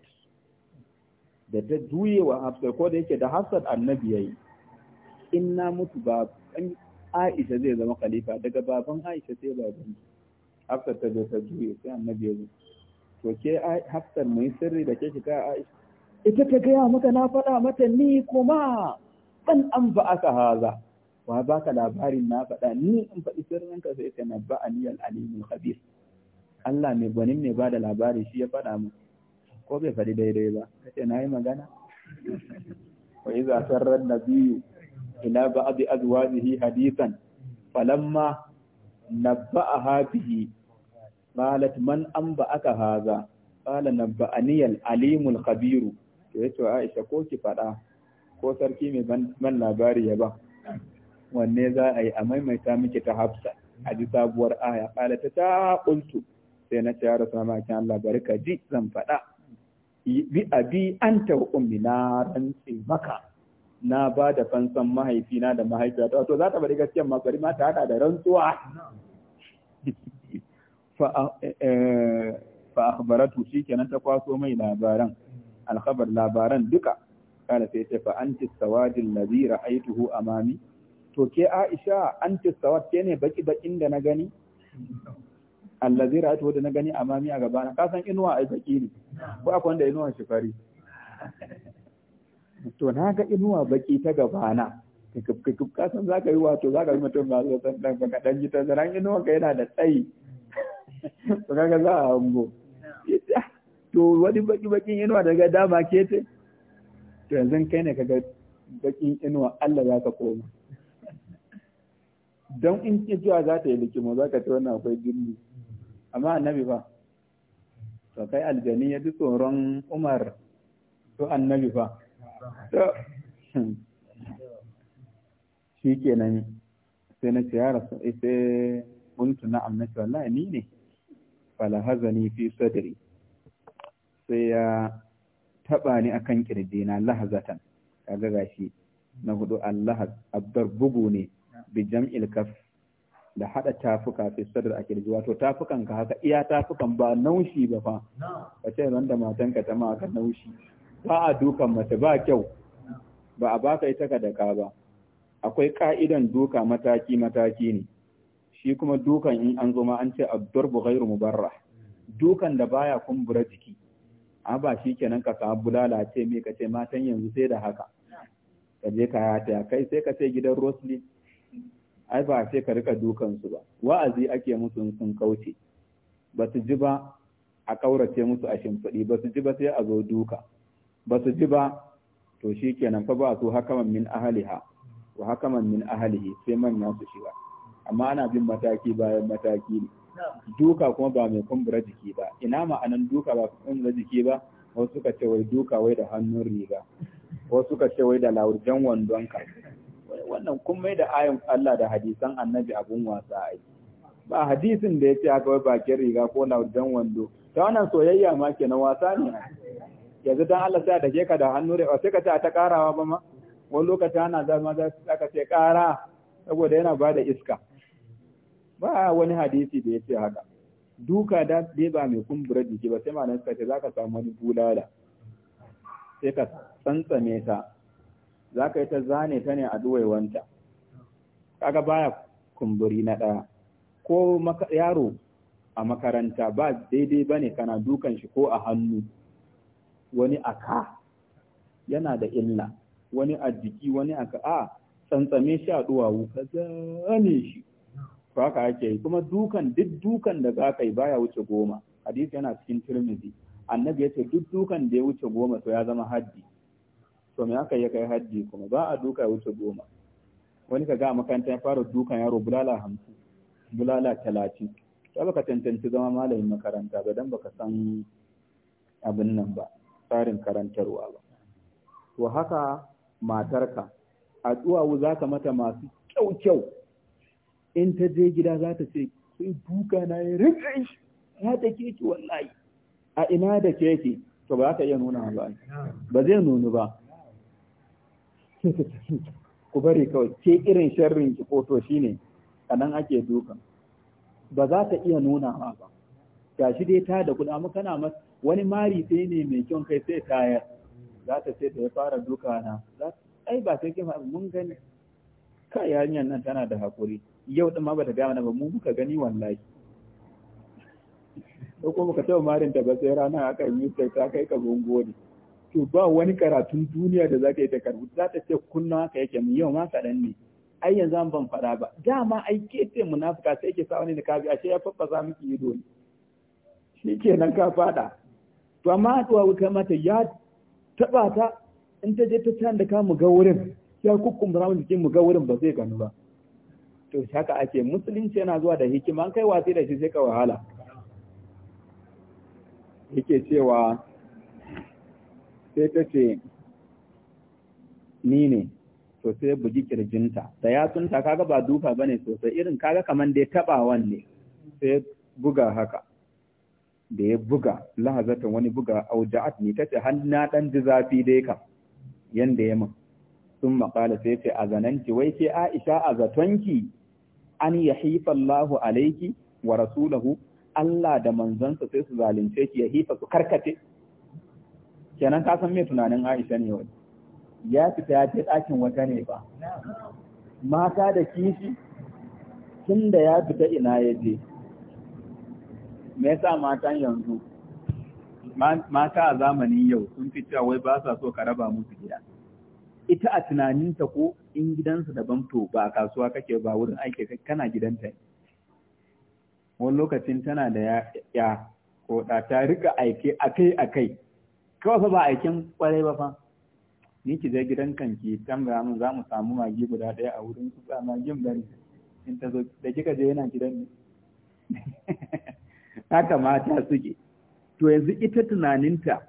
da ta juye wa hafsat ko da yake da hafsat annabi ya yi. in na mutu ba aisha zai zama khalifa daga baban aisha sai baban hafsat ta je ta juye sai annabi ya zo to ke hafsat mai sirri da ke shiga aisha ita ta gaya maka na faɗa mata ni kuma ban an ba aka haza wa baka labarin na faɗa ni in faɗi sirrin ka sai ka nabba aliyal alimul khabir Allah mai gwanin ne bada da labari shi ya faɗa mu ko bai faɗi daidai ba kace na yi magana wa iza sarra nabiyyu ila ba'd azwajihi hadithan falamma nabba'aha bihi qalat man anba'aka hadha qala nabba'aniyal al-alimul khabir to yace Aisha ko ki faɗa ko sarki mai ban labari ya ba wanne za a yi a maimaita miki ta hafsa a ji sabuwar aya kala ta ta kuntu sai na ce ya rasu na makin Allah ka ji zan faɗa bi a bi an ta ummi na rantsi maka na ba da fansan mahaifina da mahaifiyata wato za ta bari gaskiyan ma ma ta hada da rantsuwa eh, eh, fa akhbaratu kenan ta kwaso mai labaran alkhabar labaran duka kana sai ta fa anti sawadin ladhi ra'aytuhu amami to ke Aisha anti sawad ke ne baki bakin da na gani allazi ra'aytuhu da na gani amami a gaba na san inuwa ai baki ne ko akwai wanda inuwa shi fari to na ga inuwa baki ta gaba na ka san zaka yi wato zaka yi mutum ba zai san dan baka dan gitan zaran inuwa ka yana da tsayi to kaga za a hango to wani baki bakin inuwa daga dama ke to yanzu kai ne kaga bakin inuwa Allah za ka koma don in ki zuwa za ta yi likimo za ka ce wannan akwai jinni amma annabi ba to kai aljani ya ji tsoron umar to annabi ba shi nan sai na ce yara eh, sai kuntu na'am na ce wallahi ni ne fala hazani fi sadri sai ya taba ni akan kirje na lahazatan kaga gashi na hudu Allah abdar bugu ne bi jam'il kaf da hada tafuka fi sadar a kirji wato tafukan ka haka iya tafukan ba naushi ba fa ka ce wanda matanka ta ma ka naushi ba a dukan mace ba kyau ba a baka ita ka ka ba akwai ka'idan duka mataki mataki ne shi kuma dukan in an zo ma an ce abdur bughairu mubarrah dukan da baya kumbura jiki a ba shi kenan ka ka bulala ce me ka ce matan yanzu sai da haka ka je ka ta kai sai ka ce gidan rosli ai ba ce ka rika dukansu ba wa'azi ake musu sun kauce ba su ji ba a ƙaurace musu a shimfiɗi ba su ji ba sai a zo duka ba su ji ba to shi kenan fa ba su hakaman min ahaliha wa hakaman min ahalihi sai manya su shiga amma ana bin mataki bayan mataki ne duka kuma ba mai kumbura jiki ba ina ma'anan duka ba kumbura jiki ba wasu suka ce wai duka wai da hannun riga wasu suka ce wai da laurjan wandonka wannan kun mai da ayin Allah da hadisan annabi abun wasa ai ba hadisin da ya ce aka wai bakin riga ko laurjan wando ta wannan soyayya ma kenan wasa ne yanzu dan Allah sai da ke ka da hannun riga sai ka ta ta karawa ba ma wani lokaci ana zama za ka ce kara saboda yana ba da iska ba wani hadisi da ya ce haka duka da dai ba mai kumbura jiki ba sai malam ka ce za ka samu wani bulala sai ka tsantsame ta za ka yi ta zane ta ne a duwaiwanta kaga baya kumburi na ɗaya ko yaro a makaranta ba daidai ba ne kana dukan shi ko a hannu wani a ka yana da illa wani a jiki wani a ka a tsantsame shi a duwawu ka zane shi to haka ake yi kuma dukan duk dukan da za ka yi baya wuce goma hadisi yana cikin tirmidhi annabi ya ce duk dukan da ya wuce goma to ya zama haddi to me aka yi kai haddi kuma ba a duka ya wuce goma wani ka ga makaranta ya fara dukan yaro bulala hamsin bulala talatin ta baka tantanci zama malamin makaranta ba don baka san abin nan ba tsarin karantarwa ba to haka matarka a duwawu za ka mata masu kyau-kyau in ta je gida za ta ce sai duka na ya rike shi ya take ki wallahi a ina da ke to ba ka iya nuna ba ba zai nuna ba ku bari kawai ke irin sharrin ki ko to shine kanan ake duka ba za ta iya nuna ba shi dai ta da kuɗa muka na mas wani mari sai ne mai kyan kai sai tayar za ta sai ta ya fara duka na ai ba sai kin mun gani kai hanyar nan tana da hakuri yau ɗin ma bata ta mana ba mu muka gani wallahi ko kuma ka taɓa marin ta ba sai rana aka yi mista ta kai ka bongo ne to ba wani karatun duniya da zaka yi ta karbu za ta ce kunna haka yake mu yau ma kaɗan ne ai yanzu an ban faɗa ba dama ai ke ce munafika sai ke sa wani da kabi ashe ya faffasa miki ido ne shi kenan ka faɗa to amma to wuka mata ya taɓa ta in ta je ta tanda da ka mu ga wurin ya kukkumbura mu jikin mu ga wurin ba zai gani ba to haka ake musulunci yana zuwa da hikima an kai watsi da shi sai ka wahala yake cewa sai ta ce ni ne to sai buji kirjinta da yatsunta kaga ba duka bane sosai irin kaga kaman dai tabawan ne sai buga haka da ya buga lahazatan wani buga auja'at ni tace har na dan ji zafi dai yanda ya mun sun makala sai ce a zananki wai ke Aisha a zatonki an yahifallahu Allahu alayki wa rasulahu Allah da manzansa sai su zalunce ki yahifa su karkace kenan ka san me tunanin Aisha ne wani ya fita ya je ɗakin wata ne ba mata da kishi tun da ya fita ina ya je me yasa matan yanzu mata a zamanin yau sun fita wai ba sa so ka raba musu gida ita a tunaninta ko in gidansa daban to ba a kasuwa kake ba wurin aiki kana gidanta wani lokacin tana da ya ko da ta rika aike akai akai kawai fa ba aikin kwarai ba fa ni ki je gidan kanki ga mun za mu samu magi guda ɗaya a wurin ku ba magin bari in ta zo da kika je yana gidan ne haka mata suke to yanzu ita tunaninta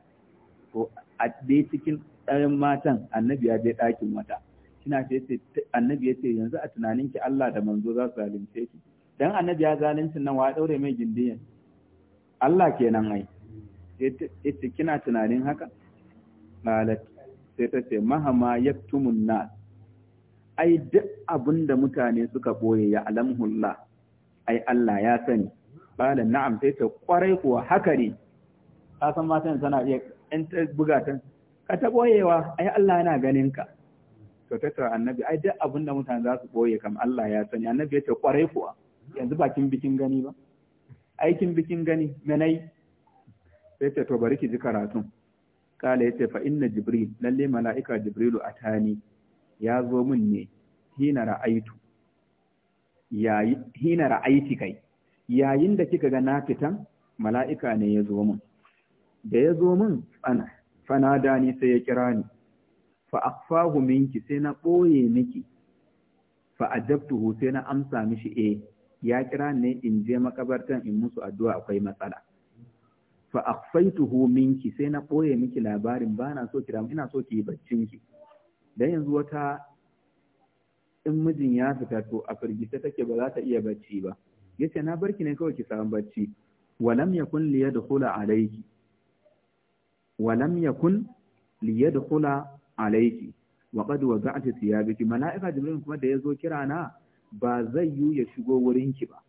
to a dai cikin ɗayan matan annabi ya je ɗakin wata kina ce ce annabi ya ce yanzu a tunanin ki Allah da manzo za su zalunce ki dan annabi ya zalunci nan wa daure mai gindiyan Allah kenan ai ita kina tunanin haka qalat sai ta ce mahama yaktumun nas ai duk abin da mutane suka boye ya alamhullah ai Allah ya sani qala na'am sai ta kwarai kuwa haka ne ka san matan tana iya in ta buga ta a ta ɓoyewa ai Allah yana ganin ka to ta tara annabi ai duk abin da mutane za su ɓoye kam Allah ya sani annabi ya ce kwarai kuwa yanzu bakin bikin gani ba aikin bikin gani menai sai ce to bari ki ji karatun kala yace fa inna jibril lalle mala'ika jibrilu atani ya zo min ne hina ra'aitu hina ra'aiti kai yayin da kika ga na fitan mala'ika ne ya zo min da ya zo min tsana fanada ni sai ya kira ni fa minki sai na boye miki fa sai na amsa mishi eh ya kira ni in je makabartan in musu addu'a akwai matsala fa akhfaituhu minki sai na boye miki labarin ba na so kira ina so ki yi ki dan yanzu wata in mijin ya fita to a firgita take ba za ta iya bacci ba yace na barki ne kawai ki samu bacci walam yakun li yadkhula alaiki? walam yakun liyadkhula alayki wa qad wada'ti thiyabiki malaika jibril kuma da yazo kira na ba zai yu ya shigo wurin ki ba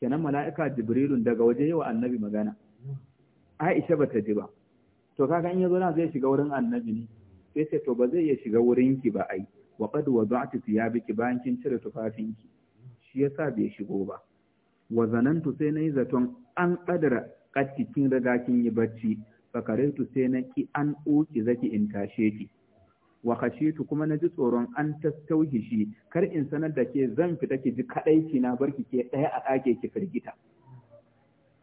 kenan malaika jibrilun daga waje yawa annabi magana aisha bata ji ba to kaga in yazo na zai shiga wurin annabi ne sai ce to ba zai ya shiga wurin ki ba ai wa wada'ti thiyabiki bayan kin cire tufafinki shi yasa bai shigo ba wa zanantu sai nayi zaton an kadara kattikin riga kin yi bacci fakarintu sai na ki an uki zaki in tashe ki wa khashitu kuma na ji tsoron an tattauhi shi kar in sanar da ke zan fita ki ji kadai ki na barki ke daya a dake ki firgita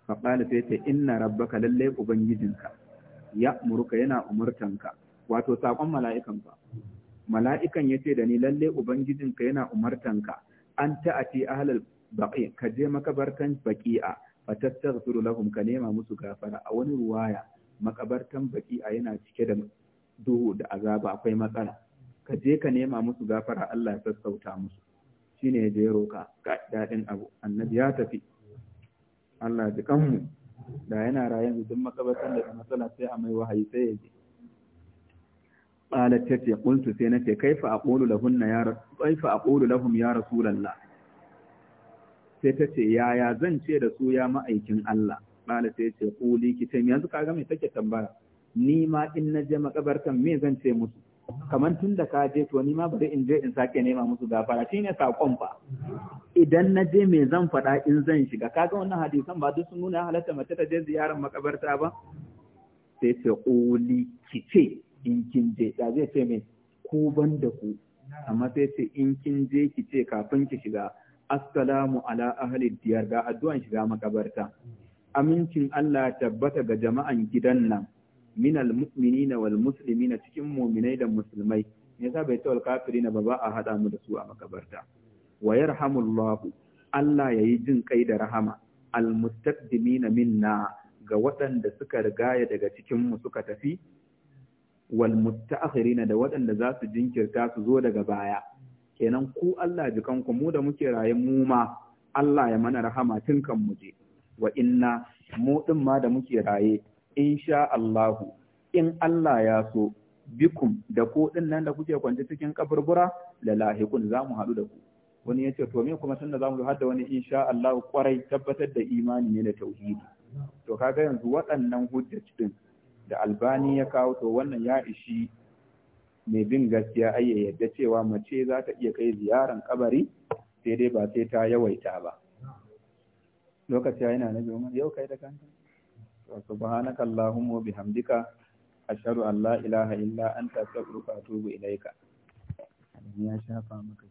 fa qala sai ta inna rabbaka lalle ubangijinka ya muruka yana umurtanka wato sakon mala'ikan fa mala'ikan yace da ni lalle ubangijinka yana umurtanka an ta'ati ahlal baqi ka je makabartan baqi'a tastaghfiru lahum ka nema musu gafara a wani ruwaya makabartan a yana cike da duhu da azaba akwai matsala ka je ka nema musu gafara Allah ya sassauta musu shine ya jero ka ka dadin abu annabi ya tafi Allah ji kanmu da yana rayan duk makabartan da matsala sai a mai wahayi sai ya je qalat tati qultu sai nace kaifa aqulu lahunna ya kaifa aqulu lahum ya rasulullah sai tace yaya zan ce da su ya ma'aikin Allah qala sai ce ki ce, yanzu kaga me take tambaya ni ma in na je makabartan me zan ce musu kamar tun da ka je to ni ma bari in je in sake nema musu gafara shine sakon fa idan na je me zan faɗa in zan shiga kaga wannan hadisan ba duk sun nuna halatta mace ta je ziyarar makabarta ba sai ce ki ce, in kin je da zai ce me ku ban da ku amma sai ce in kin je ki ce kafin ki shiga assalamu ala ahli diyar ga addu'an shiga makabarta amincin Allah tabbata ga jama'an gidan nan minal mu'minina wal muslimina cikin mu'minai da musulmai me yasa bai tawal kafirina ba ba a hada mu da su a makabarta wa yarhamullahu Allah ya yi jin kai da rahama al mustaqdimina minna ga waɗanda suka rigaya daga cikin mu suka tafi wal mutaakhirina da waɗanda za su jinkirta su zo daga baya kenan ku Allah jikan ku mu da muke raye mu ma Allah ya mana rahama tun kan mu je wa inna mu din ma da muke raye insha Allahu in Allah ya so bikum da ko ɗin nan da kuke kwance cikin kaburbura la lahiqun za mu haɗu da ku wani ya ce to me kuma tunda za mu haɗu da wani insha Allah kwarai tabbatar da imani ne da tauhidi to kaga yanzu waɗannan hujjaci din da albani ya kawo to wannan ya ishi mai bin gaskiya ai yadda cewa mace za ta iya kai ziyaran kabari sai dai ba sai ta yawaita ba lokaci yana na biyu yau kai da kanka wa subhanaka allahumma bihamdika ashhadu an la ilaha illa anta astaghfiruka wa atubu ilaika ya shafa maka